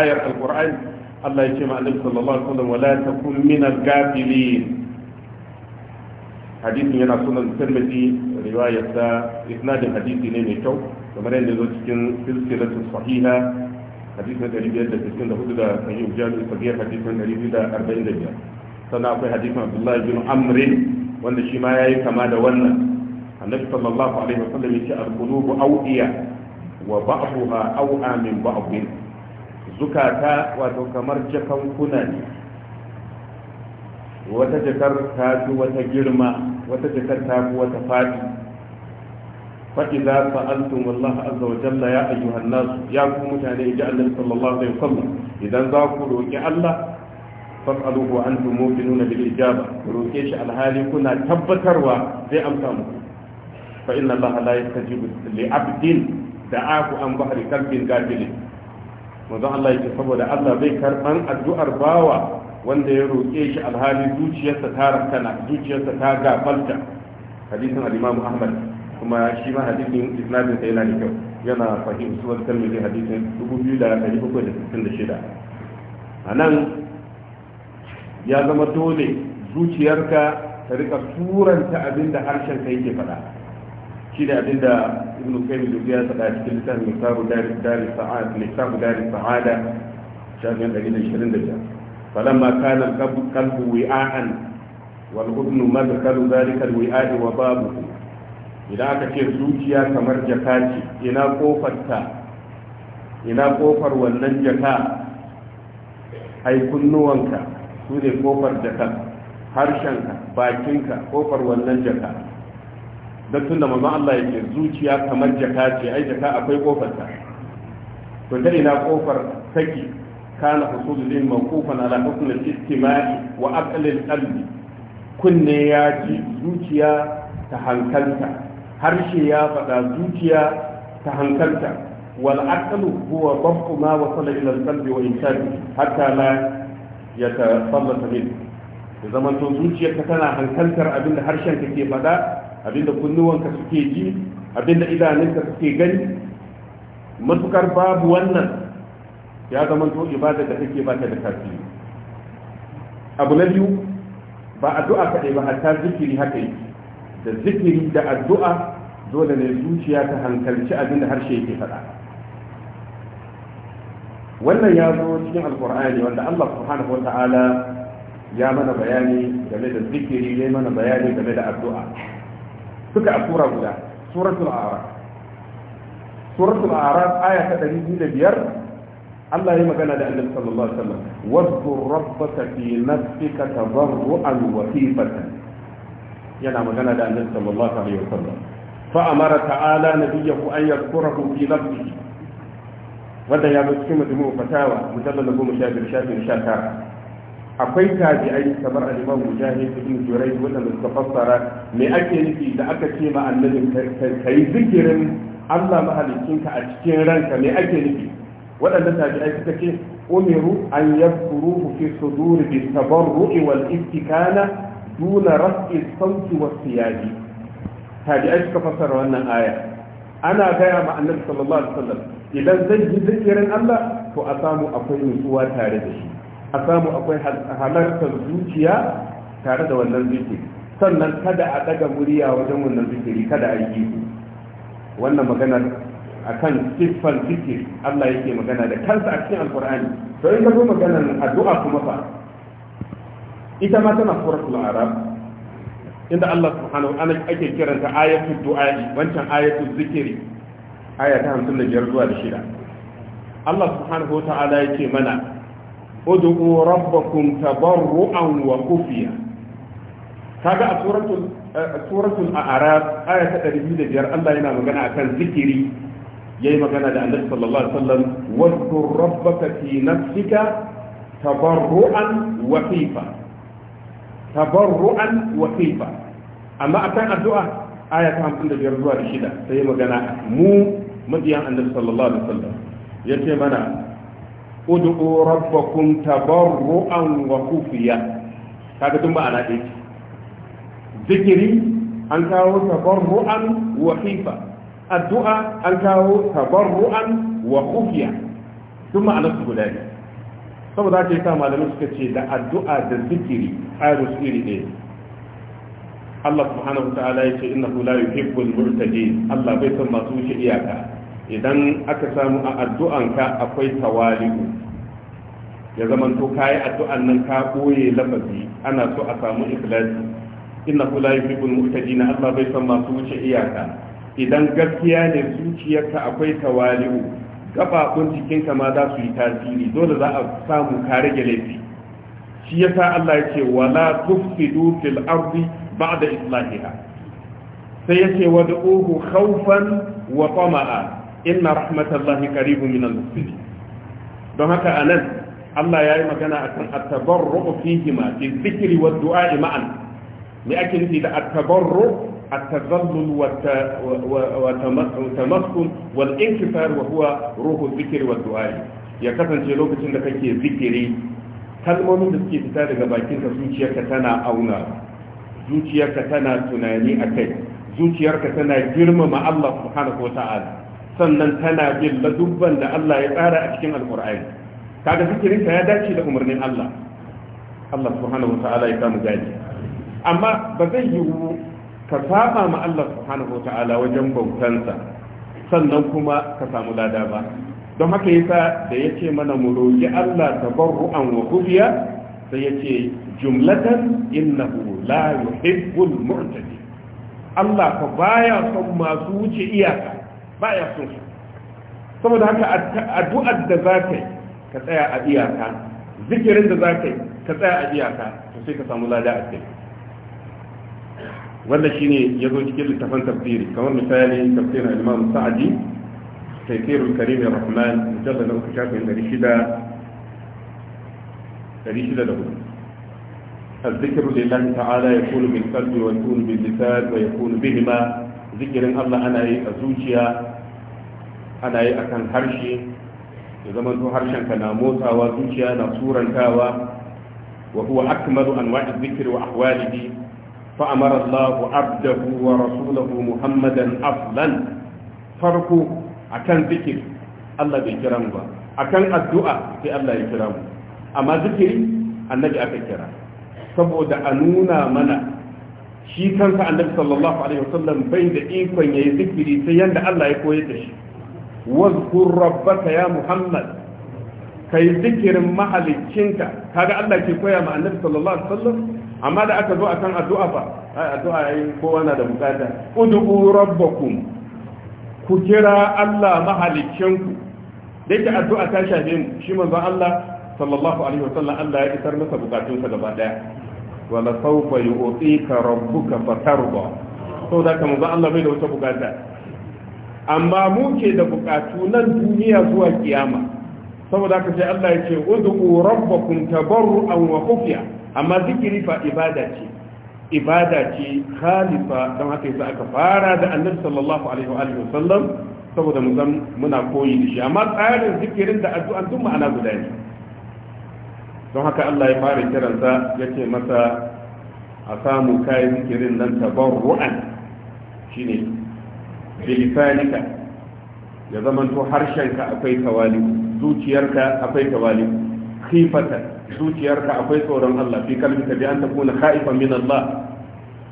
آية القرآن الله يجمع النبي صلى الله عليه وسلم ولا تكن من الغافلين حديث ينا سنن الترمذي رواية إسناد حديث نيني كو كما يندلو تكن سلسلة صحيحة حديث من أريبيا تكن لهدو دا سيئو جالو صغير حديث من أريبيا دا أربعين دبيا سنة أقوي حديث عبد الله بن عمرو وأن شما يكما دا ونن annabi sallallahu alaihi wasallam yace al-qulubu awdiya wa ba'daha aw'a min ba'd zukata wato kamar jakankuna ne wata jakar ta fi wata girma wata jakar ta fi wata fadi فإذا سألتم الله عز وجل يا أيها الناس يا قوم يعني جاء النبي صلى الله عليه وسلم إذا ذاكروا الله فاسألوه وأنتم موقنون بالإجابة روكيش الهالي كنا تبتروا زي أمسامكم fa inna allaha la yastajibu li abdin da'ahu an bahri qalbin gafilin manzo Allah yake saboda Allah zai karban addu'ar bawa wanda ya roƙe shi alhali zuciyarsa ta rakkana zuciyarsa ta gafalta hadisin al Ahmad kuma shi ma hadisin isnadin sa yana da kyau yana sahih suwar kalmi hadisin 2366 anan ya zama dole zuciyarka ta rika turanta abinda harshen ka yake faɗa shi ne abin da ibn kayyim ya faɗa cikin littafin misabu dari dari sa'ada misabu dari sa'ada shafin 125 falamma kana qalbu wi'an wal udnu madkhalu dhalika al wi'a'i wa babu. idan aka ce zuciya kamar jaka ce ina kofar ta ina kofar wannan jaka ai kunnuwanka su ne kofar jaka harshenka bakinka kofar wannan jaka don tunda manzon Allah ya ke zuciya kamar jaka ce ai jaka akwai kofar ta to da ina kofar take kana husul lil mawqufan ala hukm al istima'i wa aql al qalbi kunne ya ji zuciya ta hankalta harshe ya faɗa zuciya ta hankalta wal aqlu huwa dabu ma wasala ila al qalbi wa insani hatta la yatasallata min zaman to zuciyarka tana hankaltar abinda harshen ka ke faɗa abinda kunnuwanka suke ji abinda idanunka suke gani matukar babu wannan ya zama to ibada da kake ba ta da kafi abu na biyu ba addu'a kaɗai ba hatta zikiri haka yi da zikiri da addu'a dole ne zuciya ta hankalci abinda harshe yake faɗa wannan ya zo cikin alkur'ani wanda allah subhanahu wa ta'ala ya mana bayani game da zikiri ya mana bayani game da addu'a Suka a sura guda suratul a'raf suratul a'raf aya ta 205 Allah ya magana da Annabi sallallahu alaihi wasallam wazkur rabbaka fi nafsika tadarruan wa khifatan yana magana da Annabi sallallahu alaihi wasallam fa amara ta'ala nabiyahu an yadhkurahu fi nafsihi wanda ya zo cikin mutum fatawa mujallal 15 shafin tara. akwai tabi'ai kamar al-Imam Mujahid ibn Jurayj wanda suka fassara me ake nufi da aka ce ma annabin yi zikirin Allah mahalicinka a cikin ranka me ake nufi waɗanda tabi'ai suka ce umiru an yadkuruhu fi suduri bi tabarru'i wal istikana duna raf'i sauti wa siyadi tabi'ai suka fassara wannan aya ana gaya ma annabi sallallahu alaihi wasallam idan zan yi zikirin Allah to a samu akwai nutsuwa tare da shi a samu akwai halartar zuciya tare da wannan zikiri sannan kada a daga murya wajen wannan zikiri kada a yi wannan maganar akan siffan zikiri Allah yake magana da kansa a cikin alkur'ani to in ka zo maganar addu'a kuma fa ita ma tana suratul arab inda Allah subhanahu wa ake kiranta ayatul du'a wancan ayatul zikiri aya ta 55 zuwa da shida Allah subhanahu wa ta'ala yake mana ud'u rabbakum tabarru'an wa khufiya kaga a suratul suratul a'raf aya ta 205 Allah yana magana akan zikiri yayi magana da Annabi sallallahu alaihi wasallam wadkur rabbaka fi nafsika tabarru'an wa khifa tabarru'an wa khifa amma akan addu'a aya ta 55 zuwa 6 sai magana mu mabiyan Annabi sallallahu alaihi mana ud'u rabbakum tabarru'an wa khufiya kaga tun ba ana dai zikiri an kawo tabarru'an wa khifa addu'a an kawo wa su saboda haka yasa malamai suka ce da addu'a da zikiri ayatu sirri ne Allah subhanahu wa ta'ala yace innahu la yuhibbul murtajin Allah bai san masu wuce iyaka idan aka samu a addu'anka akwai tawali'u ya zamanto kayi addu'an nan ka koye lafazi ana so a samu ikhlasi inna kula yi fibul na Allah bai san masu wuce iyaka idan gaskiya ne zuciyarka akwai tawali'u gababun jikinka ma za su yi tasiri dole za a samu ka rage laifi shi yasa Allah ya ce wala tufsidu fil ardi ba'da islahiha sai ya ce wad'uhu khawfan wa tama'a inna rahmatallahi qaribun minal muhsinin don haka anan Allah ya yi magana akan at-tabarru fihi ma fi dhikri wa du'a ma'an me ake nufi da at-tabarru at-tazallul wa tamakkun wal inkisar wa huwa ruhu dhikri wa du'a ya kasance lokacin da kake zikiri kalmomin da suke fita daga bakinka zuciyarka tana auna zuciyarka tana tunani a kai zuciyarka tana girmama Allah subhanahu wa ta'ala sannan tana bin ladubban da Allah ya tsara a cikin alkur'ani kaga zikirin ya dace da umarnin Allah Allah subhanahu wata'ala ya samu gaji amma ba zai yiwu ka saba ma Allah subhanahu wata'ala wajen bautansa sannan kuma ka samu lada ba don haka yasa da yace mana mu roƙi Allah tabarru'an wa khufiya sai yace jumlatan innahu la yuhibbul mu'tadi Allah ka baya son masu wuce iyaka ba ya so su saboda haka addu'ar da za ka yi ka tsaya a iyaka zikirin da za ka yi ka tsaya a iyaka to sai ka samu lada a kai wanda shine ya zo cikin littafin tafsiri kamar misali tafsirin al-imam sa'adi Rahman تيسير الكريم الرحمن مجلد له كتاب من رشدة رشدة له الذكر لله تعالى يكون بالقلب ويكون باللسان ويكون بهما ذكر الله أنا أزوجيا ana yi akan harshe ya zama to harshen ka na motsawa zuciya na surantawa wa huwa akmalu anwa'i dhikri wa ahwalihi fa amara Allah abdahu wa rasuluhu Muhammadan aflan farko akan zikir Allah bai kira mu ba akan addu'a sai Allah ya kira mu amma zikiri annabi aka kira saboda a nuna mana shi kansa annabi sallallahu alaihi wasallam bai da ikon yayi zikiri sai yanda Allah ya koyar da shi wazkur rabbaka ya muhammad kai zikirin mahalicinka kaga Allah ke koya ma annabi sallallahu alaihi wasallam amma da aka zo akan addu'a fa ai addu'a yayin kowa na da bukata ud'u rabbakum ku kira Allah mahalicinku da yake addu'a ta shafe mu shi manzo Allah sallallahu alaihi wasallam Allah ya isar masa bukatunsa gaba daya wala sawfa yu'tika rabbuka fatarda saboda kamar manzo Allah bai da wata bukata amma mu ke da bukatu nan duniya zuwa kiyama saboda haka sai Allah ya ce ud'u rabbakum tabarruan wa khufiya amma zikiri fa ibada ce ibada ce khalifa don haka yasa aka fara da annabi sallallahu alaihi wa alihi wasallam saboda mu zan muna koyi da shi amma tsarin zikirin da addu'an duk ma'ana guda ne don haka Allah ya fara kiransa yace masa a samu kayan zikirin nan tabarruan shine bilisanika ya zamanto harshenka akwai tawali zuciyarka akwai tawali khifata zuciyarka akwai tsoron Allah fi kalbika bi an takuna khaifan min Allah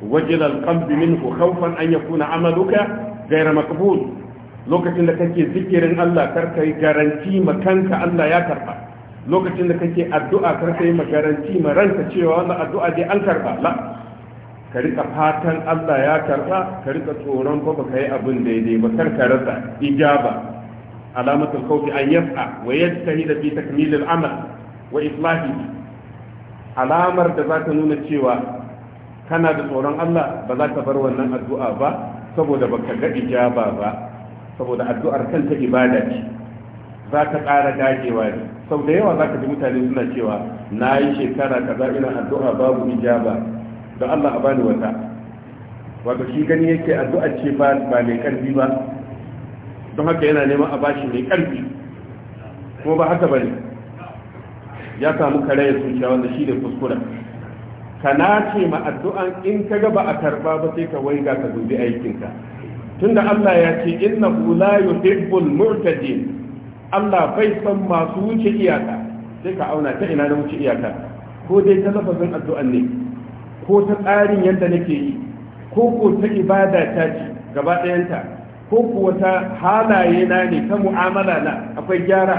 wajil alqalbi minhu khawfan an yakuna amaluka ghayra maqbul lokacin da kake zikirin Allah kar kai garanti makanka Allah ya karba lokacin da kake addu'a kar kai ma garanti ma ranka cewa wannan addu'a dai an karba la ka rika fatan Allah ya karba ka rika tsoron ba ka yi abin daidai ba kar ka rasa ijaba alamatul khawfi an yas'a wa da fi takmil al-amal wa islahihi alamar da za ta nuna cewa kana da tsoron Allah ba za ka bar wannan addu'a ba saboda baka ga ijaba ba saboda addu'ar kanta ibada ce za ka ƙara dagewa ne sau da yawa za ka ji mutane suna cewa na yi shekara kaza ina addu'a babu ijaba da Allah a bani wata wato shi gani yake addu'a ce ba ba mai karfi ba don haka yana neman a bashi mai karfi ko ba haka bane ya samu ya zuciya wanda shi da kuskura ka nace ma addu'an in ka ga ba a karba ba sai ka ga ka dubi aikinka tunda Allah ya ce inna la yuhibbul mu'tadin Allah bai san masu wuce iyaka sai ka auna ta ina da wuce iyaka ko dai ta lafazin addu'an ne ko ta tsarin yadda nake yi ko ko ta ibada ta ce gaba ɗayanta ko kuwa ta halaye na ne ta mu'amala na akwai gyara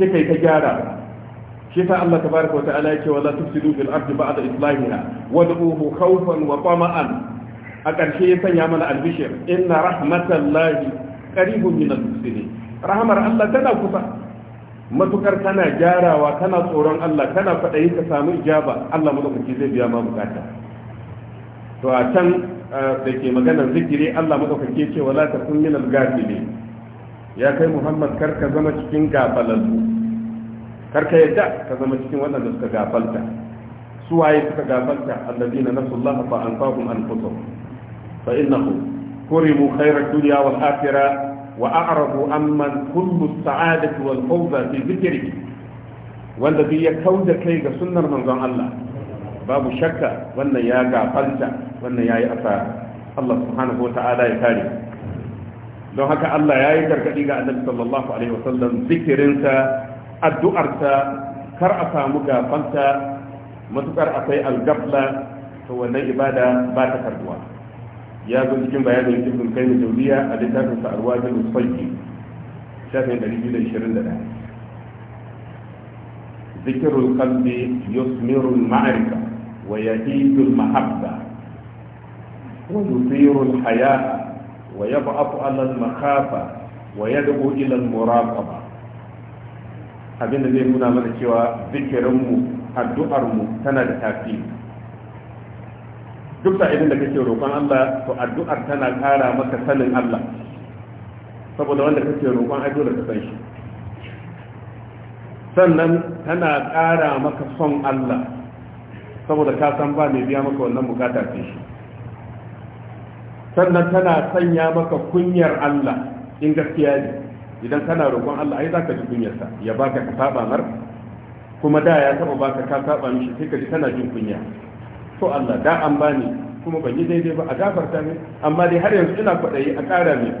sai kai ta gyara shi ta Allah tabaraka wa ta'ala yake wala tufsidu fil ardi ba'da islahiha wad'uhu khawfan wa tama'an a ƙarshe ya sanya mana albishir inna rahmatallahi qaribun min al-muslimin rahmar Allah tana kusa matukar kana gyarawa kana tsoron Allah kana faɗa yi ka samu ijaba Allah madaukaki zai biya ma bukata to a can da ke maganar zikiri Allah madaukaki ce wala ta kun minal gafili ya kai Muhammad kar ka zama cikin gafalallu kar ka yadda ka zama cikin waɗanda suka gafalta su waye suka gafalta alladina nasullaha fa anfahum anfusahum fa innahum kurimu khairat dunya wal akhirah وأعرضوا عمن هم السعادة والفوز في ذكره والذي يكود كيغ سنة من ظن الله باب شك وأن يا قلت وأن يا أثار الله سبحانه وتعالى يكاري don haka Allah ya yi gargaɗi ga annabi sallallahu alaihi wasallam zikirinsa addu'arsa kar a samu gafanta matukar akwai algafla to wannan ibada ba ta karbuwa ya zo cikin bayanin yankin sun kai mai jauriya a littafin sa arwajin musfalki shafin 221 zikirul kalbi yusmirul ma'arika wa yahidul mahabba wa yusirul haya wa yab'atu alal makhafa wa yad'u ila al muraqaba abinda zai nuna mana cewa zikirin mu addu'ar mu tana da tafi. duk idan da kake roƙon Allah to addu'ar tana ƙara maka sanin Allah saboda wanda kake roƙon ai dole ka san shi sannan tana ƙara maka son Allah saboda ka san ba mai biya maka wannan bukata ce shi sannan tana sanya maka kunyar Allah in gaskiya ne idan kana roƙon Allah ai zaka ji kunyarsa ya baka ka saba mar kuma da ya saba baka ka saba mishi sai ka ji kana jin kunya to Allah da an bani kuma ban yi daidai ba a gafarta ne amma dai har yanzu ina kwaɗayi a ƙara ne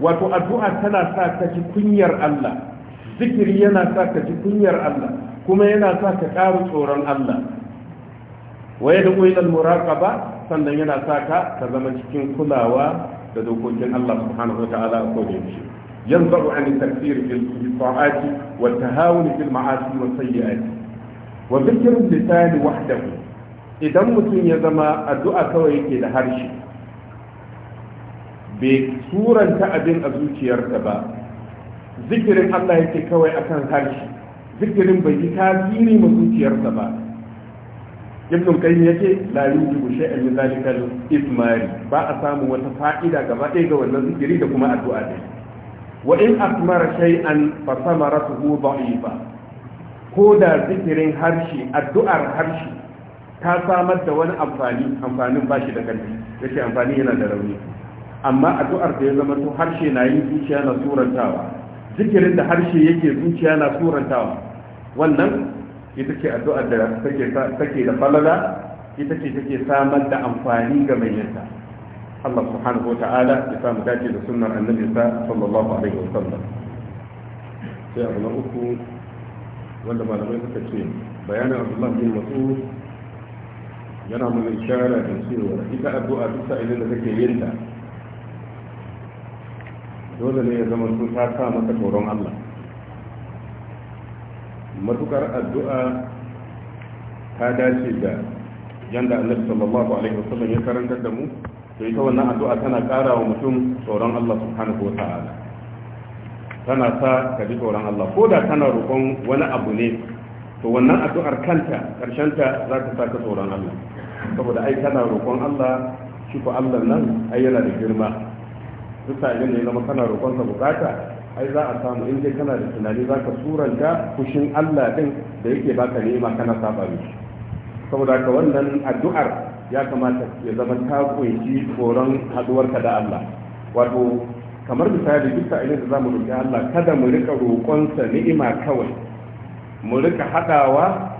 wato addu'a tana sa ka ji kunyar Allah zikiri yana sa ka ji kunyar Allah kuma yana sa ka ƙara tsoron Allah waye da ƙoyin muraqaba sannan yana sa ka ka zama cikin kulawa da dokokin Allah subhanahu wa ta'ala a kodin shi yanzu an tafsir fil ta'ati wa tahawun fil ma'asi wa sayyi'ati wa zikrul lisan wahdahu idan mutum ya zama addu'a kawai yake da harshe bai turanta abin a zuciyarsa ba zikirin allah yake kawai akan harshe zikirin bai yi tasiri ma zuciyarsa ba ibn qayyim yake la yujibu shay'an min zalika al ba a samu wata fa'ida gaba ɗaya ga wannan zikiri da kuma addu'a dai wa in asmara shay'an fa samaratuhu da'ifa ko da zikirin harshe addu'ar harshe ta samar da wani amfani amfanin ba shi da ƙarfi ya ce amfani yana da rauni amma addu'ar da ya zama to harshe na yin zuciya na surantawa zikirin da harshe yake zuciya na surantawa wannan ita ce addu'ar da take da falala ita ce take samar da amfani ga mai yanta Allah subhanahu wa ta'ala ya samu dace da sunnar annabi sa sallallahu alaihi wa sallam sai abu na uku wanda malamai suka ce bayanin Abdullahi bin Mas'ud yana mun ishara da cewa ita addu'a duk sa'ilin da kake yin ta dole ne ya zama sun ta sa maka tsoron Allah matukar addu'a ta dace da yanda annabi sallallahu alaihi wasallam ya karantar da mu to ita wannan addu'a tana ƙara wa mutum tsoron Allah subhanahu wa ta'ala tana sa ka ji tsoron Allah ko da kana roƙon wani abu ne to wannan addu'ar kanta karshenta za ta saka tsoron Allah saboda ai kana roƙon Allah shi ko Allah nan ai yana da girma duk sai da zama kana roƙon sa bukata ai za a samu in dai kana da tunani za ka suranta fushin Allah din da yake baka nema kana saba mishi saboda ka wannan addu'ar ya kamata ya zama ta kunshi tsoron haduwarka da Allah wato kamar misali duk sa'ilin da zamu roƙi Allah kada mu rika roƙonsa ni'ima kawai mu rika hadawa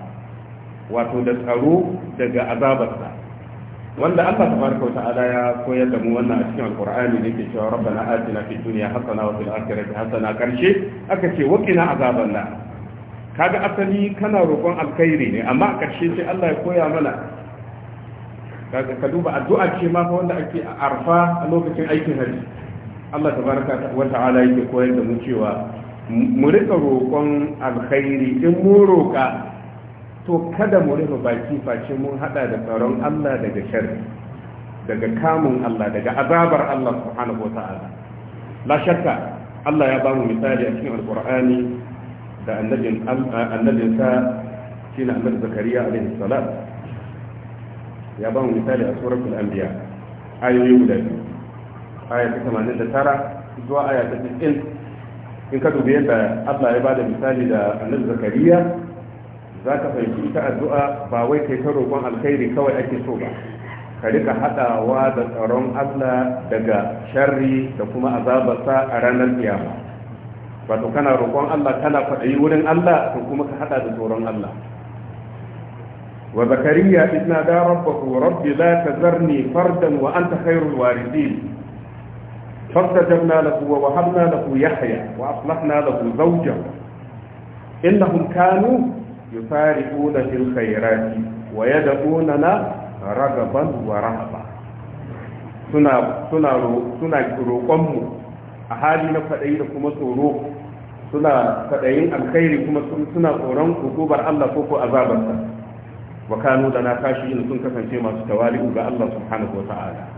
wato da tsaro daga azabarsa wanda Allah tabaraka wa ta'ala ya koyar da mu wannan a cikin alqur'ani ne ke cewa rabbana atina fid dunya hasana wa fil akhirati hasana karshe aka ce waqina azaban nar kaga asali kana roƙon alkhairi ne amma karshe sai Allah ya koya mana kaga ka duba addu'a ce ma wanda ake arfa a lokacin aikin hajji Allah tabaraka wa ta'ala yake koyar da mu cewa mu rika roƙon alkhairi in mu roƙa to kada mu rufe baki face mun hada da tsaron Allah daga sharri daga kamun Allah daga azabar Allah subhanahu wa ta'ala la shakka Allah ya bamu misali a cikin alqur'ani da annabin annabin sa shine annabi zakariya alaihi salam ya bamu misali a suratul anbiya ayoyi guda biyu aya ta 89 zuwa aya ta 90 in ka dubi yadda Allah ya bada misali da annabi zakariya za ka fahimci ta addu'a ba wai kai ta roƙon alkhairi kawai ake so ba ka rika haɗawa da tsaron Allah daga sharri da kuma azabarsa a ranar kiyama wato kana roƙon Allah kana faɗayi wurin Allah to kuma ka haɗa da tsoron Allah wa zakariya idna da rabbahu rabbi la tazarni fardan wa anta khairul waridin فاستجبنا له ووهبنا له يحيى وأصلحنا له زوجه إنهم كانوا يسارعون في الخيرات ويدعوننا رغبا ورهبا suna roƙonmu a hali na faɗayi da kuma tsoro suna faɗayin alkhairi kuma suna tsoron hukubar Allah ko ko azabarsa wa kanu da na kashi sun kasance masu tawali'u ga Allah subhanahu wa ta'ala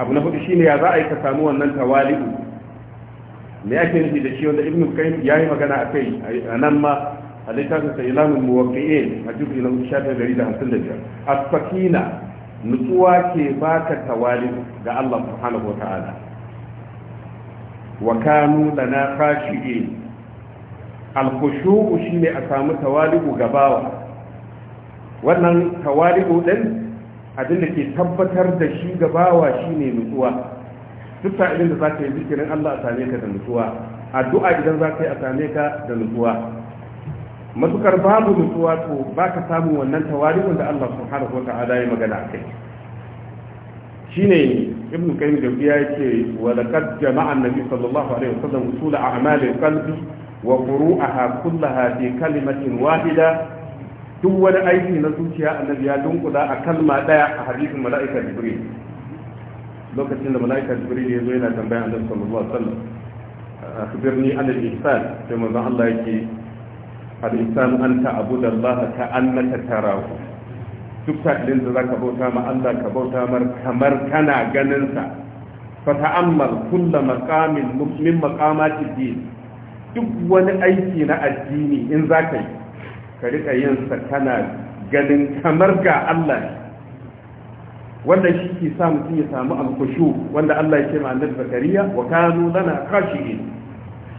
abu na hudu shine ya za a yi ka samu wannan tawali'u me ake nufi da shi wanda ibnu kayyim ya yi magana a kai a nan ma a littafin sa ilamul muwaqqi'in a juzu na shafin dari da hamsin da biyar as-sakina nutsuwa ke baka tawali'u ga Allah subhanahu wa ta'ala wa kanu lana khashi'in al-khushu'u shine a samu tawali'u gabawa wannan tawali'u din abin da ke tabbatar da shi gabawa shi shine nutsuwa duk sa'ilin da zaka yi zikirin Allah a same ka da nutsuwa addu'a idan zaka yi a same ka da nutsuwa matukar babu nutsuwa to baka samu wannan tawarihun da Allah subhanahu wa ta'ala ya magana a Shi shine ibn qayyim biya yace wa laqad jama'a an-nabi sallallahu alaihi wasallam usul a'mal qalbi wa furu'aha kullaha fi kalimatin wahida duk wani aiki na zuciya annabi ya dunkuda a kalma daya a hadisin mala'ika jibril lokacin da mala'ika jibril ya zo yana tambayar annabi sallallahu alaihi wasallam akhbirni an al-ihsan sai manzon Allah yake al-ihsan anta abuda Allah ka annaka tarahu duk sa'ilin da zaka bauta ma Allah ka bauta mar kamar kana ganin sa fa ta'ammal kullu maqamin min maqamati din duk wani aiki na addini in zaka yi ka rika yin sa kana ganin kamar ga Allah wanda shi ke sa mutum ya samu alkushu wanda Allah ya ce ma annabi zakariya wa kanu lana khashi'in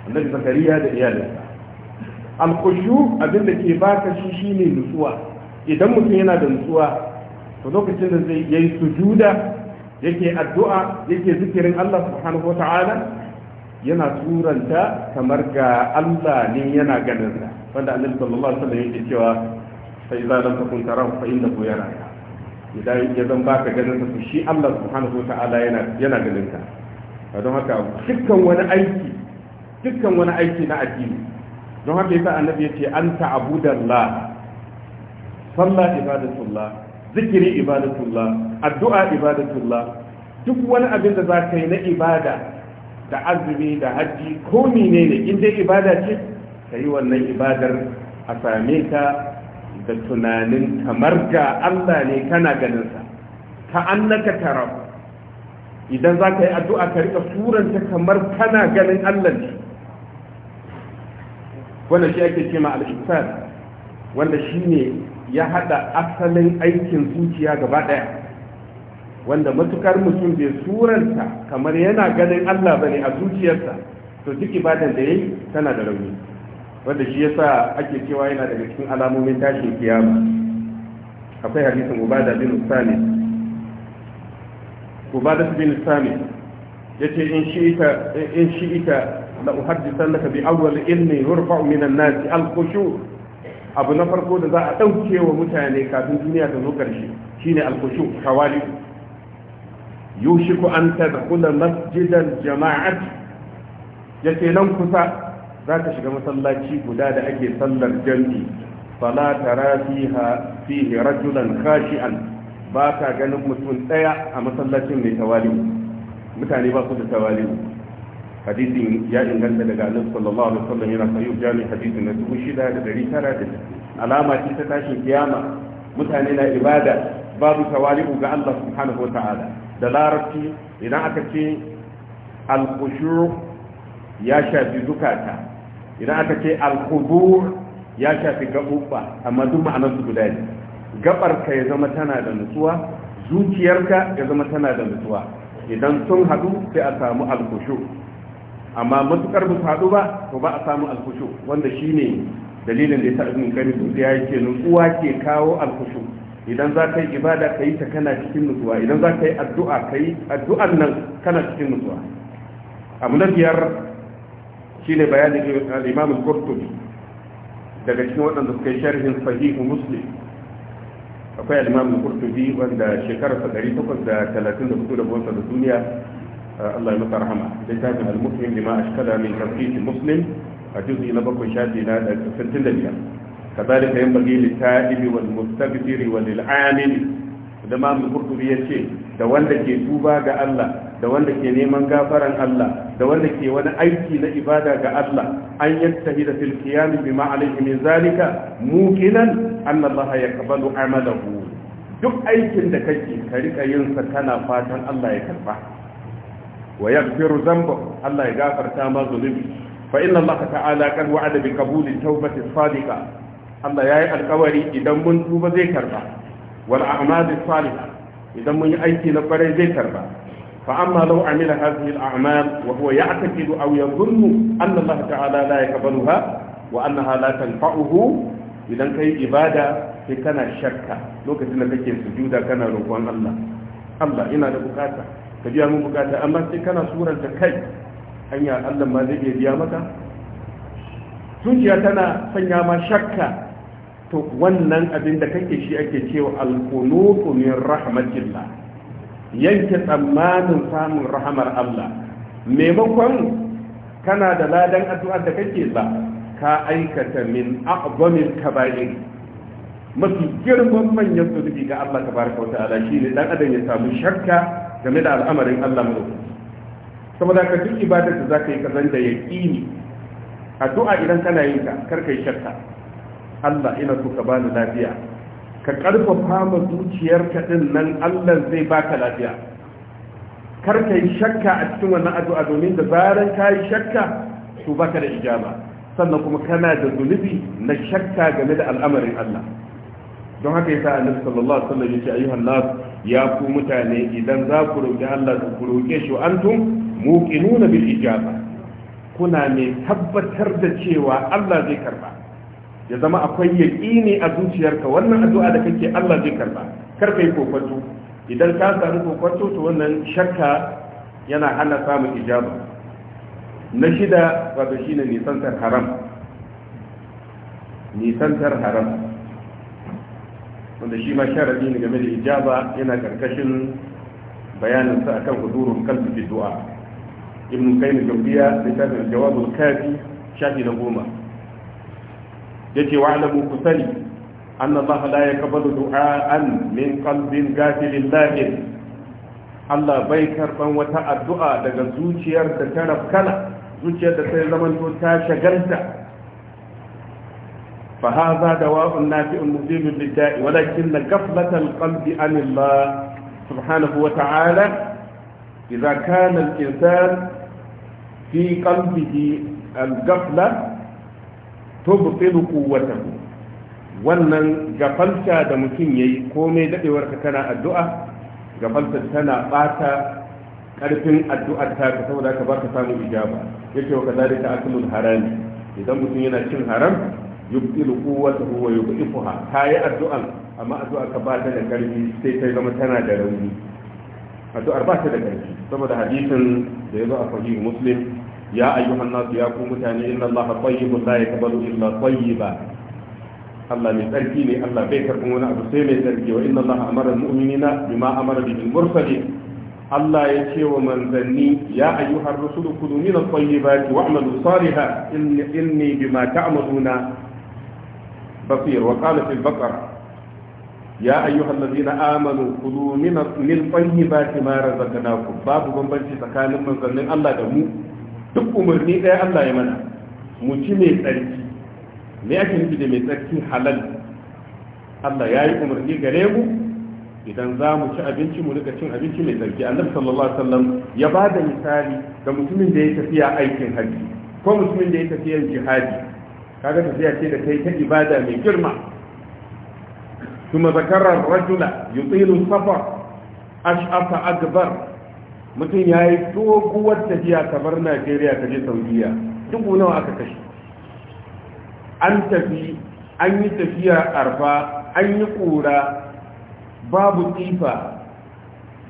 annabi zakariya da iyalinsa alkushu abin da ke baka shi shine nutsuwa idan mutum yana da nutsuwa to lokacin da zai yayi sujuda yake addu'a yake zikirin Allah subhanahu yana turanta kamar ga Allah ne yana ganin sa wanda annabi sallallahu alaihi wasallam yake cewa fa idza lam takun tarahu fa innahu yara idan ya zan baka ganin sa shi Allah subhanahu wataala yana yana ganin ka don haka dukkan wani aiki dukkan wani aiki na addini don haka yasa annabi yace anta abudallah sallah ibadatullah zikiri ibadatullah addu'a ibadatullah duk wani abin da za ka yi na ibada da azumi da hajji ko menene in dai ibada ce ka yi wannan ibadar a same ta da tunanin kamar ga Allah ne kana ganinsa ka annaka tara idan za ka yi addu'a ka rika suranta kamar kana ganin Allah ne wanda shi ake ce al wanda shi ne ya haɗa asalin aikin zuciya gaba ɗaya wanda matukar mutum bai suranta kamar yana ganin Allah bane a zuciyarsa to duk ibadar da yayi tana da rauni wanda shi yasa ake cewa yana daga cikin alamomin tashin kiyama akwai hadisin ubada bin sami ubada bin sami yace in shi ita shi'ita la uhaddithannaka bi awwal ilmi yurfa'u min an al-khushu abu na farko da za a ɗauke wa mutane kafin duniya ta zo karshe shine al-khushu kawali yushiku an tadkhula masjidal jama'ati yace nan kusa za ka shiga masallaci guda da ake sallar jam'i fala tara fiha fihi rajulan khashi'an ba ka ganin mutum daya a masallacin mai tawali'u mutane ba su da tawali'u hadisin ya inganta daga annabi sallallahu alaihi wasallam yana sahih jami hadisin na 6900 alama ce ta tashin kiyama mutane na ibada babu tawali'u ga Allah subhanahu wata'ala da larabci idan aka ce al ya shafi zukata idan aka ce al ya shafi gabubba amma duk ma'anar su guda ne gabar ka ya zama tana da nutsuwa zuciyarka ya zama tana da nutsuwa idan sun haɗu sai a samu alkushu amma matukar ba su haɗu ba to ba a samu alkushu wanda shi ne dalilin da ya yasa ibn qayyim ya yake nutsuwa ke kawo alkushu idan za ka yi ibada ka yi ta kana cikin nutsuwa idan za ka yi addu'a ka yi addu'an nan kana cikin nutsuwa abu na biyar shine bayanin al-imam daga cikin waɗanda suka yi sharhin sahihu muslim akwai al-imam wanda shekarar sa 834 da bonsa da duniya Allah ya littafin al-muslim lima ashkala min tafsir muslim a juz'i na bakwai shafi na 65 da mamu kurtubi ya ce da wanda ke duba ga Allah da wanda ke neman gafaran Allah da wanda ke wani aiki na ibada ga Allah an yattahi da fil qiyam bima alayhi min zalika muqinan anna Allah yaqbalu amalahu duk aikin da kake ka rika yin sa kana fatan Allah ya karba wa yaghfiru dhanba Allah ya gafarta ma zunubi fa inna Allah ta'ala kan wa'ada bi qabuli tawbati sadiqa Allah yayi alƙawari idan mun tuba zai karba wal a'mal salihah idan mun yi aiki na kwarai zai karba fa amma law amila hadhihi al a'mal wa huwa ya'taqidu aw yadhunnu anna Allah ta'ala la yaqbaluha wa annaha la tanfa'uhu idan kai ibada sai kana shakka lokacin da kake sujuda kana roƙon Allah Allah ina da bukata ka biya mun bukata amma sai kana suranta kai hanya Allah ma zai iya biya maka zuciya tana sanya ma shakka to wannan abin da kake shi ake cewa alkunutu min rahmatillah yanke tsammanin samun rahamar Allah maimakon kana da ladan addu'a da kake ba ka aikata min a'zamin kaba'ir mafi girman manyan zunubi ga Allah tabaraka wa ta'ala shine dan adam ya samu shakka game da al'amarin Allah mu saboda ka duk ibadar da zaka yi kazan da yaqini addu'a idan kana yin ta kar yi shakka Allah ina so ka bani lafiya ka karfafa ma zuciyarka din nan Allah zai baka lafiya kar ka yi shakka a cikin wannan addu'a domin da zaran ka yi shakka to baka da ijaba sannan kuma kana da zunubi na shakka game da al'amarin Allah don haka yasa annabi sallallahu alaihi wasallam yace ayyuhan nas ya ku mutane idan za ku roki Allah ku roke shi antum muqinuna bil ijaba kuna mai tabbatar da cewa Allah zai karba ya zama akwai yaƙini a zuciyarka wannan addu'a da kake Allah zai karba kar kai kokwato idan ka samu kokwato to wannan shakka yana hana samun ijaba na shida wato shine nisantar haram nisantar haram wanda shi ma sharadi ne game da ijaba yana karkashin bayaninsa akan hudurul kalbi fi du'a ibn qayyim jawziya littafin jawabul kafi shafi na goma yake wa'lamu ku sani anna Allah la yaqbalu an min qalbin ghafilin lahi Allah bai karban wata addu'a daga zuciyar da ta rafkala zuciyar da ta zama to ta shagalta fa hadha dawa'un nafi'un mudibun lidda'i walakin ghaflata alqalbi an Allah subhanahu wa ta'ala idza kana al-insan fi qalbihi al to butilu quwwatan wannan gafalta da mutum ya yi komai daɗewar ka tana addu'a gafalta tana ɓata ƙarfin addu'ar ta ka saboda ka baka samu ijaba ce wa ka aklul harami idan mutum yana cin haram yubtilu quwwatahu wa Ta yi addu'an amma addu'ar ka ba ta da ƙarfi sai ta zama tana da rauni addu'ar ba ta da ƙarfi. saboda hadisin da ya zo a sahih muslim يا أيها الناس يا قوم إن الله طيب لا يقبل إلا طيبا الله لتركي لي الله بيكر قمونا أبو سيمي تركي وإن الله أمر المؤمنين بما أمر به المرسلين الله يشي ومن ذني يا أيها الرسول كلوا من الطيبات واعملوا صالحا إني بما تعملون بصير وقال في البقرة يا أيها الذين آمنوا كلوا من الطيبات ما رزقناكم باب من بنشي تكالب من ذنين الله دمو duk umarni ɗaya Allah ya mana mu ci mai tsarki me ake nufi da mai tsarki halal Allah ya yi umarni gare mu idan za mu ci abinci mu rika cin abinci mai tsarki annabi sallallahu alaihi wasallam ya ba da misali ga mutumin da ya tafiya aikin haji ko mutumin da ya tafiya jihadi kaga tafiya ce da kai ta ibada mai girma ثم ذكر الرجل يطيل السفر أشعث أكبر mutum ya yi doguwar tafiya kamar najeriya ta je saudiya dubu nawa aka kashe an tafi an yi tafiya arfa an yi kura babu tsifa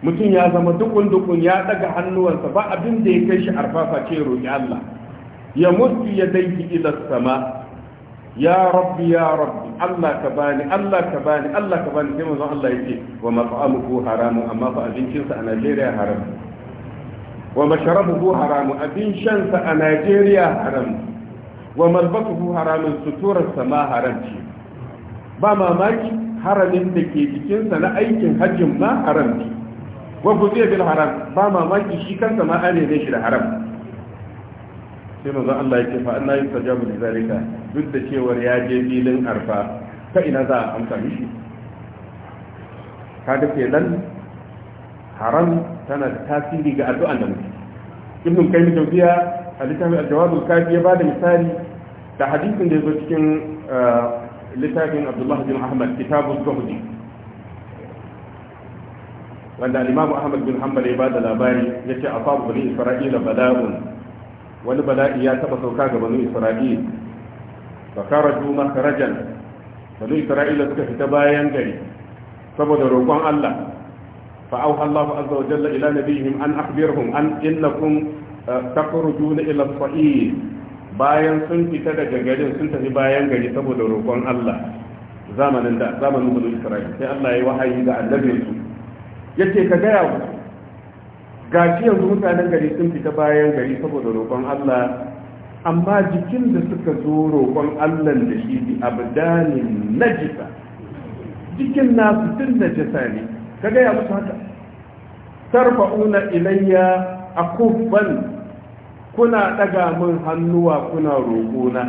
mutum ya zama dukun dukun ya daga hannuwansa ba abin da ya kai shi arfafa ce roƙi Allah ya mutu ya daiki ila sama ya rabbi ya rabbi Allah ka bani Allah ka bani Allah ka bani sai mazan Allah ya ce wa mat'amuhu haramun amma fa abincinsa a Najeriya haramun wa masharabuhu haramu abin shansa a najeriya haram wa malbasuhu haramun suturarsa ma haramci ba mamaki haramin da ke jikinsa na aikin hajjin ma haramci wa guziya bil haram ba mamaki shi kansa ma ne shi da haram sai manzo Allah ya ce fa anna yusajabu da zalika duk da cewar ya je filin arfa ka ina za a amsa mishi kaga kenan haram tana da tasiri ga addu'an da mutum ibn kayyim jawziya a littafin al-jawabul kafi ya ba da misali da hadisin da ya zo cikin uh, littafin Abdullahi bin Ahmad kitabun zuhdi wanda Alimamu Ahmad bin Hanbal ya ba da labari ya ce a asabu bani Isra'ila bala'un wani bala'i ya taba sauka ga bani Isra'il fa Juma makharajan bani Isra'ila suka fita bayan gari saboda roƙon Allah فأوحى الله عز وجل إلى نبيهم أن أخبرهم أن إنكم تخرجون إلى الصعيد bayan sun fita daga garin sun tafi bayan gari saboda roƙon Allah zamanin da zamanin bulu Isra'il sai Allah ya wahayi ga annabin su yace ka gaya ku gashi yanzu mutanen gari sun fita bayan gari saboda roƙon Allah amma jikin da suka zo roƙon Allah da shi bi abdanin najisa jikin nasu tun najisa ne ka gaya musu haka tarfa'una ilayya akubban kuna daga min hannuwa kuna roƙona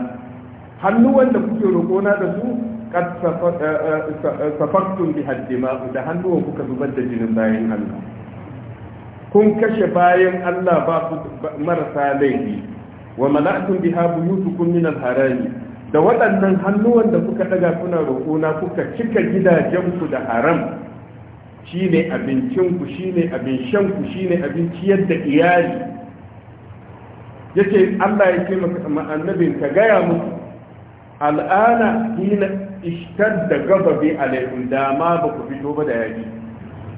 hannuwan da kuke roƙona da su kad eh, eh, eh, safaktun bi haddima da hannuwan kuka zubar da jinin bayan Allah kun kashe bayan Allah ba marasa laifi wa mala'atun biha buyutukum min al-harami da waɗannan hannuwan da kuka daga kuna roƙona kuka cika gidajenku da haram shine abincinku shine abin shanku shine abin ciyar da iyali yace Allah ya ce maka annabi ka gaya mu al'ana hina ishtadda gababi alaikum da ma ba ku fito ba da yaki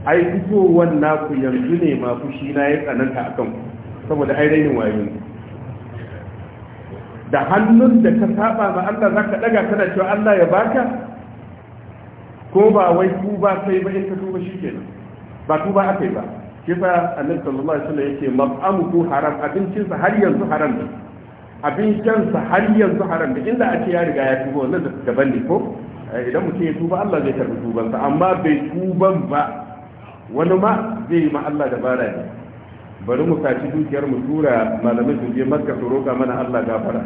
ai fitowar naku yanzu ne ma fushi na ya tsananta akan ku saboda ai rainin wayo da hannun da ka saba ma Allah zaka daga kana cewa Allah ya baka ko ba wai tuba kai ba in ka tuba shi kenan ba tuba akai ba kisa annabi sallallahu alaihi wasallam yake mab'amuhu haram abincinsa har yanzu haram ne abincinsa har yanzu haram ne inda ake ce ya riga ya tuba wannan daban ne ko eh, idan mutum ya tuba Allah zai karbi tubansa amma bai tuban ba wani ma zai yi ma Allah dabara ne bari mu saci dukiyar mu tura malamai su je makka su roƙa mana Allah gafara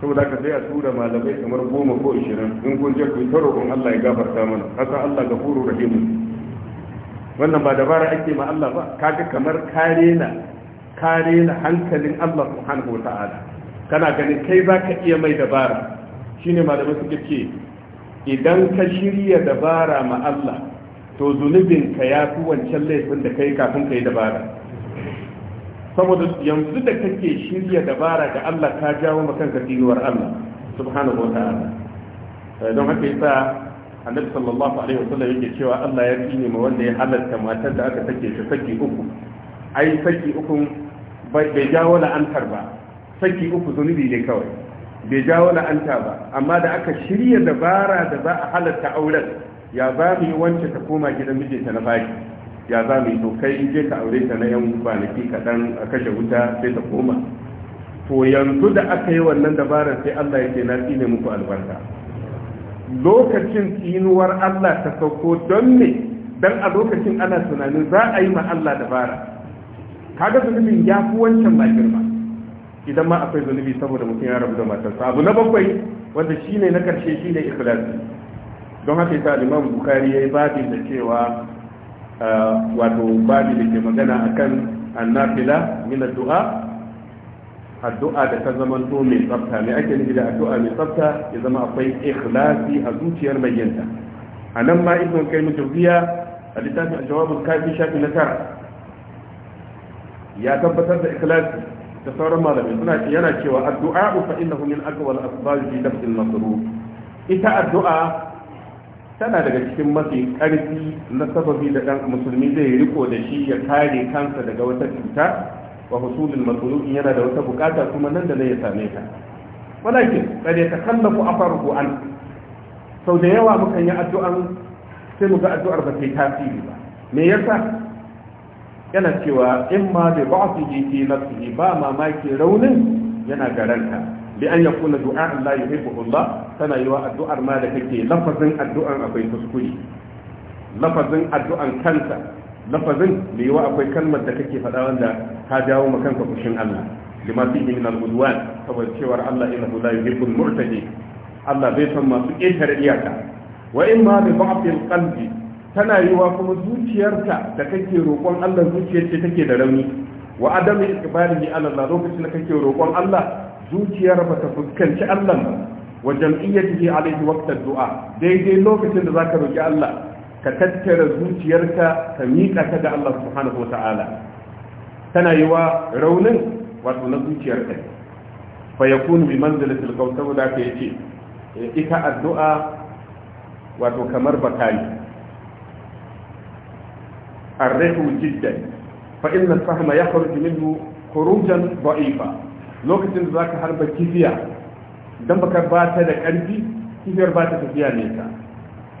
saboda ka sai a tura malamai kamar goma ko ishirin in kun je ku ta roƙon Allah ya gafarta mana haka Allah furu rahim wannan ba dabara ake ma Allah ba kaga kamar kare na kare na hankalin Allah subhanahu wa ta'ala kana ganin kai za ka iya mai dabara shine malamai suke ce idan ka shirya dabara ma Allah to zunubin ka ya fi wancan laifin da kai kafin ka yi dabara saboda yanzu da kake shirya dabara ga Allah ka jawo makan ka tsinuwar Allah subhanahu wa ta'ala eh, don haka yasa annabi sallallahu alaihi wasallam yake cewa Allah ya tsine ma wanda ya halatta matar da aka take ta saki uku ai saki uku bai jawo la'antar ba saki uku zunubi ne kawai bai jawo la'anta ba amma da aka shirya dabara da za a halatta auren ya ba mu yi wance ta koma gidan mijinta na baki ya za mu yi to kai je ka aure ta na yan kwanaki kaɗan a kashe wuta sai ta koma to yanzu da aka yi wannan dabarar sai Allah yake na tsine muku albarka lokacin tsinuwar Allah ta sauko don ne don a lokacin ana tunanin za a yi ma Allah dabara kaga zunubin ya fi wancan ma girma idan ma akwai zunubi saboda mutum ya rabu da matarsa abu na bakwai wanda shine na karshe shine ikhlasi don haka yasa Imam Bukhari yayi babin da cewa wato babi da ke magana akan annafila min addu'a addu'a da ta zama to mai tsafta mai ake nufi da addu'a mai tsafta ya zama akwai ikhlasi a zuciyar mai a nan ma ibn kai mutawiya a littafin jawabul kafi shafi na tara ya tabbatar da ikhlasi da sauran malamai suna ce yana cewa addu'a fa innahu min aqwal asbab fi daf'il masrur ita addu'a tana daga cikin mafi karfi na sababi da ɗan musulmi zai riko da shi ya kare kansa daga wata cuta wa husulul matsulubin yana da wata bukata kuma nan da zai ya same ta walakin kare ta kallafu afar an sau da yawa mukan yi addu'an sai mu ga addu'ar ba ta tasiri ba me yasa yana cewa in ma bai ba su ji fi ba mamaki raunin yana garanta bi an yakuna du'a la yuhibbu Allah tana yiwa addu'ar ma da kake lafazin addu'an akwai kuskure lafazin addu'an kanka lafazin da yiwa akwai kalmar da kake faɗa wanda ka jawo ma kanka fushin Allah lima fihi min al saboda cewar Allah innahu la yuhibbu al-murtadi Allah bai san masu ƙetare iyaka wa ma bi ba'dil tana yiwa kuma zuciyarta da kake roƙon Allah ce da rauni wa adami ikbalihi ala lokacin da kake roƙon Allah zuciyar ba ta fuskanci Allah ba wa jam'iyyatihi alaihi waqtad du'a daidai lokacin da zaka roki Allah ka tattara zuciyarka ka miƙa ta ga Allah subhanahu ta'ala. tana yi wa raunin wato na zuciyarka fa yakunu bi manzilatil qawl saboda ka yace ita addu'a wato kamar bakali arrihu jiddan fa inna fahma yakhruju minhu khurujan da'ifa lokacin da za ka harba kifiya dan baka ba ta da ƙarfi, kifiyar ba ta tafiya ne ka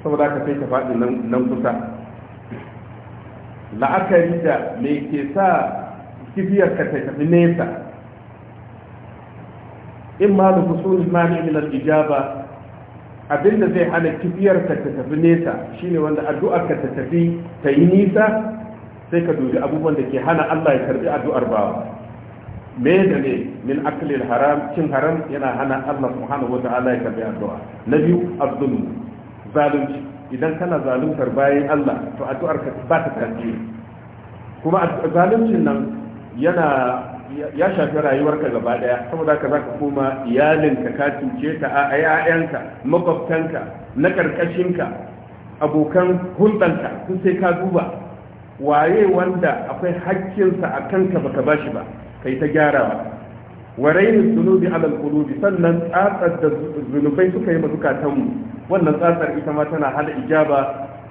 saboda ka sai ka faɗi nan kusa la'akari da me ke sa kifiyar ka ta tafi nesa in ma da kusur mani min ijaba abinda zai hana kifiyar ka ta tafi nesa shine wanda addu'ar ka ta tafi ta yi nisa sai ka dubi abubuwan da ke hana Allah ya karɓi addu'ar bawa me da ne min aklil haram cin haram yana hana Allah subhanahu wata'ala ya karbi addu'a na biyu azzulm idan kana zaluntar bayan Allah to addu'ar ka ba ta tasiri kuma zaluncin nan yana ya shafi rayuwarka gaba daya saboda ka zaka koma iyalinka ka cuce ta a ayyanka makwabtanka na karkashinka abokan hulɗanka sun sai ka duba waye wanda akwai hakkinsa a kanka baka shi ba kai ta gyara wa rainin zunubi alal qulubi sannan tsatsar da zunubai suka yi mazukatan mu wannan tsatsar ita ma tana hana ijaba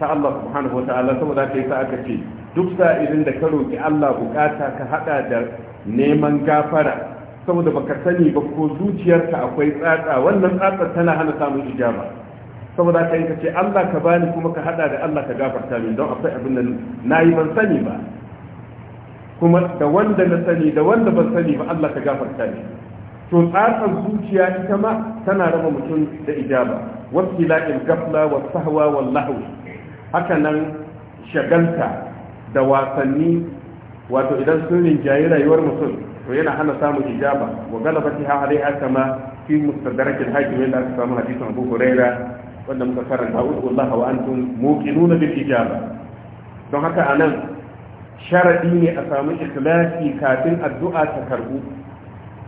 ta Allah subhanahu wataala saboda kai sa aka ce duk sa'ilin da ka roki Allah bukata ka hada da neman gafara saboda baka sani ba ko zuciyarka akwai tsatsa wannan tsatsar tana hana samun ijaba saboda kai ka ce Allah ka bani kuma ka hada da Allah ka gafarta min don akwai abin da yi ban sani ba kuma da wanda na sani da wanda ban sani ba Allah ka gafarta ne to tsatsar zuciya ita ma tana raba mutum da ijaba wasu la'il gafla wa sahwa wa lahwi haka nan shagalta da wasanni wato idan sun rinjayi rayuwar mutum to yana hana samun ijaba wa galabati ha alaiha kama fi mustadarakin hakim yadda aka samu hadisin Abu Huraira wanda muka karanta wa Allah wa antum muqinuna bil ijaba don haka anan sharaɗi ne a samu ikhlasi kafin addu'a ta karbu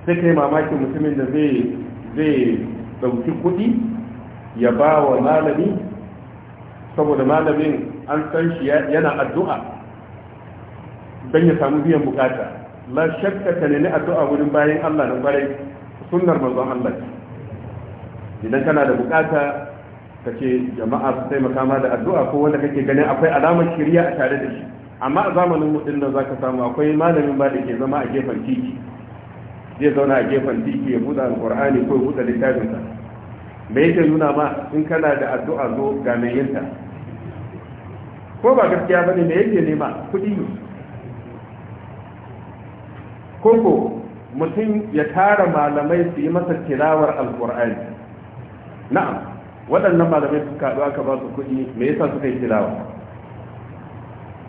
sai kai mamakin mutumin da zai zai ɗauki kuɗi ya ba wa malami saboda malamin an san shi yana addu'a don ya samu biyan bukata la shakka ta nemi addu'a wurin bayan Allah na ƙwarai sunnar manzon Allah idan kana da bukata ka ce jama'a su taimaka ma da addu'a ko wanda kake ganin akwai alamar shirya a tare da shi amma a zamanin mutum da za ka samu akwai malamin ba da ke zama a gefen titi zai zauna a gefen titi ya buɗa alƙur'ani ko ya buɗa littafinsa me yake nuna ma in kana da addu'a zo ga mai yinta ko ba gaskiya ba ne me yake nema kuɗi ne? koko mutum ya tara malamai su yi masa tilawar alƙur'ani na'am waɗannan malamai suka haɗu aka ba su kuɗi me yasa suka yi tilawa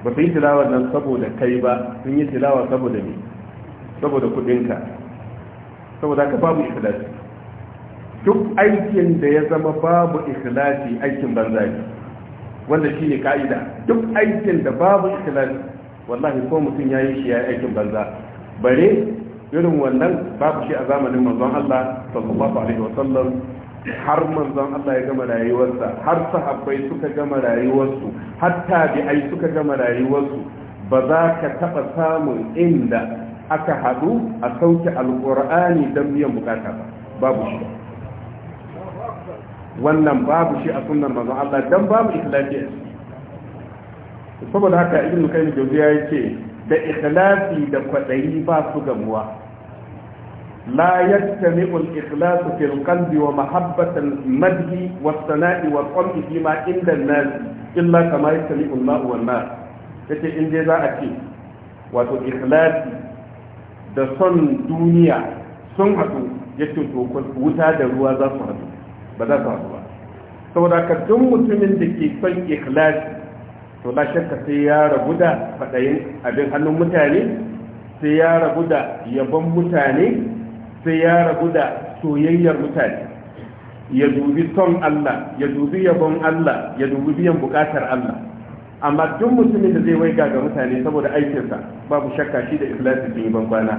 ba su yi tilawar nan saboda kai ba sun yi tilawa saboda ne saboda kudinka saboda ka babu ikhlasi duk aikin da ya zama babu ikhlasi aikin banza ne wanda shi ne ka'ida duk aikin da babu ikhlasi wallahi ko mutum ya yi shi ya yi aikin banza bare irin wannan babu shi a zamanin manzon Allah sallallahu alaihi wasallam har manzon Allah ya gama rayuwarsa har sahabbai suka gama rayuwarsu har tabi'ai suka gama rayuwarsu ba za ka taɓa samun inda aka haɗu a sauke alƙur'ani don biyan bukata ba babu shi wannan babu shi a sunan manzon Allah don babu ikhlasi saboda haka ibnu kayyim jawziya yake da ikhlasi da kwadayi ba su gamuwa لا يجتمع الإخلاص في القلب ومحبة المدح والثناء والقمع فيما عند الناس إلا كما يجتمع الماء والماء yace in dai za a ce wato ikhlasi da son duniya sun haɗu yace to wuta da ruwa za su haɗu ba za su haɗu ba saboda ka duk mutumin da ke son ikhlasi to na shakka sai ya rabu da faɗayin abin hannun mutane sai ya rabu da yabon mutane sai ya rabu da soyayyar mutane ya dubi son Allah ya dubi yabon Allah ya dubi biyan bukatar Allah amma duk mutumin da zai waiga ga mutane saboda aikinsa babu shakka shi da ikhlasi cikin ban kwana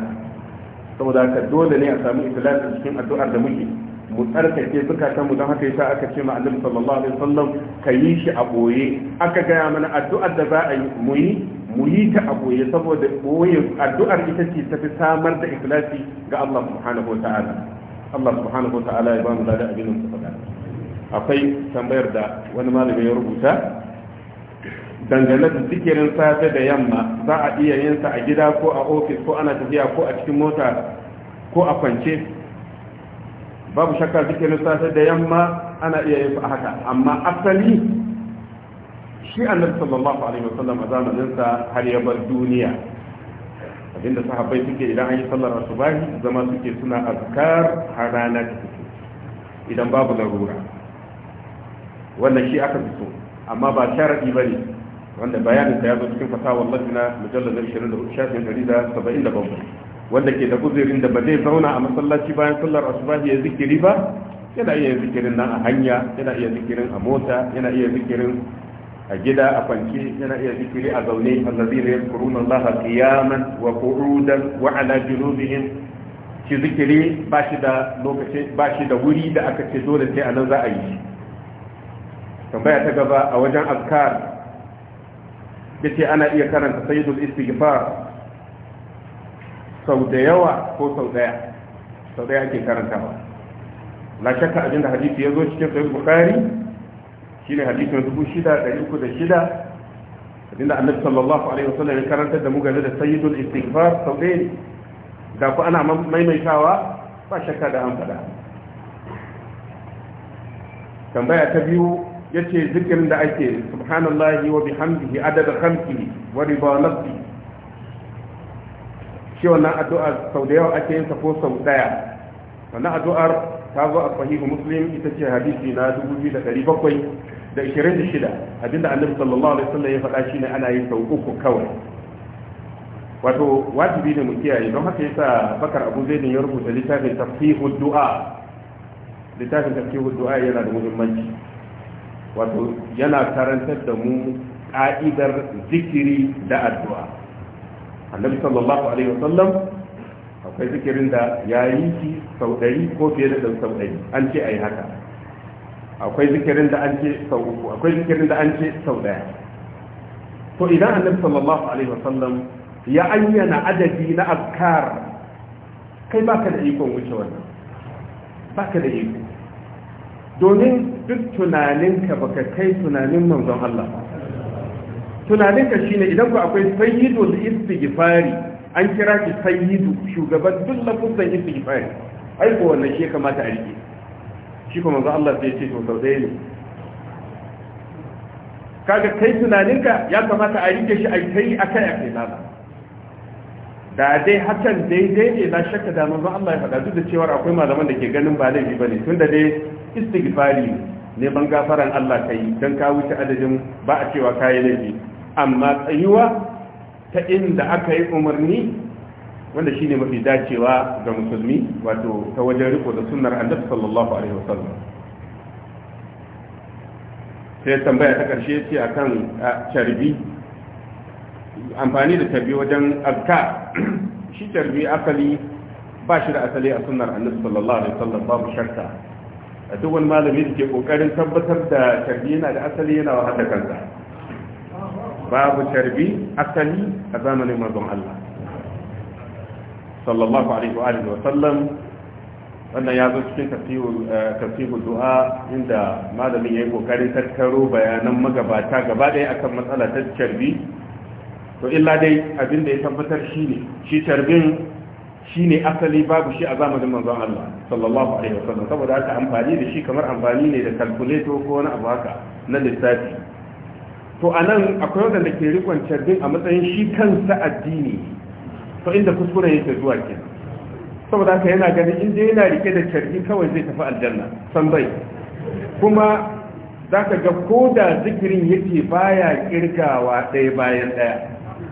saboda haka dole ne a samu ikhlasi cikin addu'ar da muke mu tsarkake zukatan mu don haka yasa aka ce ma annabi sallallahu alaihi wasallam ka yi shi a boye aka gaya mana addu'ar da za a yi mu yi mu yi ta a boye saboda boye addu'ar ita ce tafi samar da ikhlasi ga Allah subhanahu Allah subhanahu ya ba mu da abin faɗa akwai tambayar da wani malami ya rubuta dangane da zikirin safe da yamma za a iya yin sa a gida ko a ofis ko ana tafiya ko a cikin mota ko a kwance babu shakka zikirin safe da yamma ana iya yin haka amma asali shi annabi sallallahu alaihi wasallam a zamanin sa har ya bar duniya abinda sahabbai suke idan an yi sallar asubahi zama suke suna azkar har rana ta idan babu larura wannan shi aka fito amma ba sharadi ne wanda bayanin ta ya zo cikin fatawa lajina mujallal 24 shafin 177 wanda ke da uzurin da ba zai zauna a masallaci bayan sallar asubahi ya zikiri ba yana iya zikirin nan a hanya yana iya zikirin a mota yana iya zikirin a gida a kwanci yana iya zikiri a zaune allazina yadhkuruna allaha kiyaman wa qu'udan wa ala junubihim shi zikiri ba shi da lokaci ba shi da wuri da aka ce dole sai nan za a yi tambaya ta gaba a wajen azkar ce ana iya karanta sayyidul istighfar sau da yawa ko sau daya sau daya ake karantawa la shakka abinda hadisi ya zo cikin sahih bukhari shine hadisin 6306 inda annabi sallallahu alaihi wasallam ya karanta da mu game da sayyidul istighfar sau da ku ana maimaitawa ba shakka da an faɗa tambaya ta biyu yace zikirin da ake subhanallahi wa bihamdihi adada khamsihi wa riba nafsi shi wannan addu'a sau da yawa ake yin ta ko sau ɗaya wannan addu'ar ta zo a sahihu muslim ita ce hadisi na 2700 da 26 abinda annabi sallallahu alaihi wasallam ya faɗa shine ana yin sau uku kawai wato wajibi ne mu kiyaye don haka yasa bakar abu zaidin ya rubuta littafin tafsihud du'a littafin tafsihud du'a yana da muhimmanci wato yana karantar da mu ka'idar zikiri da addu'a annabi sallallahu alaihi wasallam akwai zikirin da ya yi shi sau ɗari ko fiye da sau ɗari an ce a yi haka akwai zikirin da an ce sau uku akwai zikirin da an ce sau daya to idan annabi sallallahu alaihi wasallam ya ayyana adadi na azkar kai baka da ikon wuce wannan baka da iko domin duk tunaninka baka kai tunanin manzon Allah tunaninka shine idan ku akwai da istighfari an kira ki sayyidu shugaban duk lafuzan istighfari ai ko wannan shi kamata a rike shi kuma za Allah sai ce to sau ne kaga kai tunaninka ya kamata a rike shi a kai akai akai nana da dai hakan daidai ne na shakka da manzo Allah ya faɗa duk da cewa akwai malaman da ke ganin ba laifi tun da dai istighfari ban gafaran Allah kai dan ka wuce adadin ba a cewa kai laifi amma tsayuwa ta inda aka yi umarni wanda shine mafi dacewa ga musulmi wato ta wajen riko da sunnar annabi sallallahu alaihi wasallam sai tambaya ta karshe ce akan carbi amfani da carbi wajen azka shi carbi asali ba shi da asali a sunnar annabi sallallahu alaihi wasallam babu shakka a duk wani malami da ke kokarin tabbatar da carbi yana da asali yana wa hada kansa babu carbi asali a zamanin mazan Allah sallallahu alaihi wa alihi wa sallam wannan ya zo cikin tafsiru eh, du'a inda malamin ya yi kokarin tattaro bayanan magabata gaba ɗaya akan matsala ta carbi to illa dai abin da ya tabbatar shi ne shi carbin shi ne asali babu shi a zamanin manzon Allah sallallahu alaihi wasallam saboda haka amfani da shi kamar amfani ne da calculator ko wani abu haka na lissafi to anan akwai wanda ke rikon carbin a matsayin shi kansa addini to inda kuskure yake zuwa ke saboda haka yana ganin in yana rike da shar'i kawai zai tafi aljanna san bai kuma za ka ga ko da zikirin yake baya kirgawa ɗaya bayan ɗaya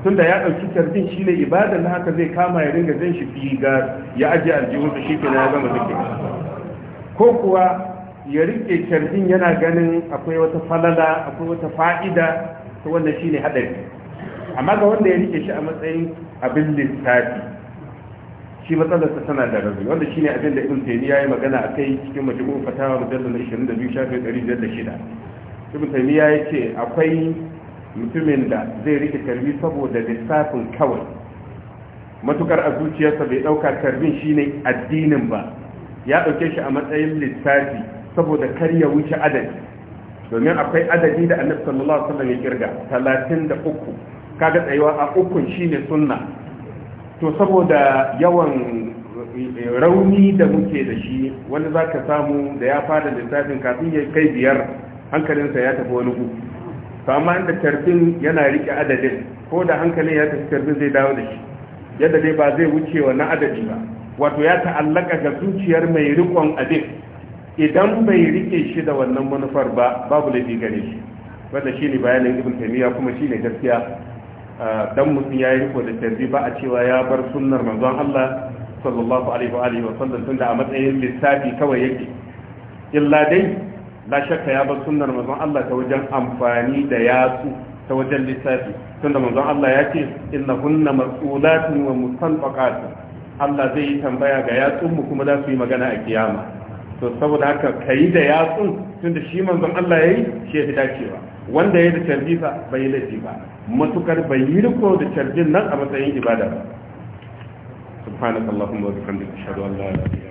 tunda ya ɗauki shar'in shi ne na haka zai kama ya ringa zan shi fi ga ya ajiye aljihun shi ke ya gama zikiri ko kuwa ya rike shar'in yana ganin akwai wata falala akwai wata fa'ida ta wannan shi ne hadari amma ga wanda ya rike shi a matsayin abin littafi. shi matsalarsa tana da rabi wanda shi ne abin da ibn taymiya ya magana a kai cikin majmu'u fatawa mujallal 22 shafin 106 ibn taymiya ya ce akwai mutumin da zai rike karbi saboda lissafin kawai matukar a zuciyarsa bai dauka karbin ne addinin ba ya dauke shi a matsayin lissafi saboda kar ya wuce adadi domin akwai adadi da annabi sallallahu alaihi wasallam ya kirga 33 kaga tsayuwa a ukun shine sunna to saboda yawan rauni da muke da shi wani za ka samu da ya fada littafin kafin ya kai biyar hankalinsa ya tafi wani gudu to amma inda tarbin yana rike adadin ko da hankalin ya tafi tarbin zai dawo da shi yadda dai ba zai wuce wannan adadi ba wato ya ta'allaka ga zuciyar mai rikon abin idan bai rike shi da wannan manufar ba babu laifi gare shi wanda shine bayanin ibn taymiya kuma shine gaskiya dan mutum ya yi riko da tarbi ba a cewa ya bar sunnar manzon Allah sallallahu alaihi wa alihi wa sallam tunda a matsayin lissafi kawai yake illa dai la shakka ya bar sunnar manzon Allah ta wajen amfani da yatsu ta wajen lissafi tunda manzon Allah ya ce innahunna mas'ulatun wa mutanfaqatun Allah zai yi tambaya ga yatsun mu kuma za su yi magana a kiyama to saboda haka kai da yatsun tunda shi manzon Allah yayi shi ya fi dacewa wanda ya da carbi fa bai laifi ba matukar bai yi riko da carbin nan a matsayin ibada ba wa an la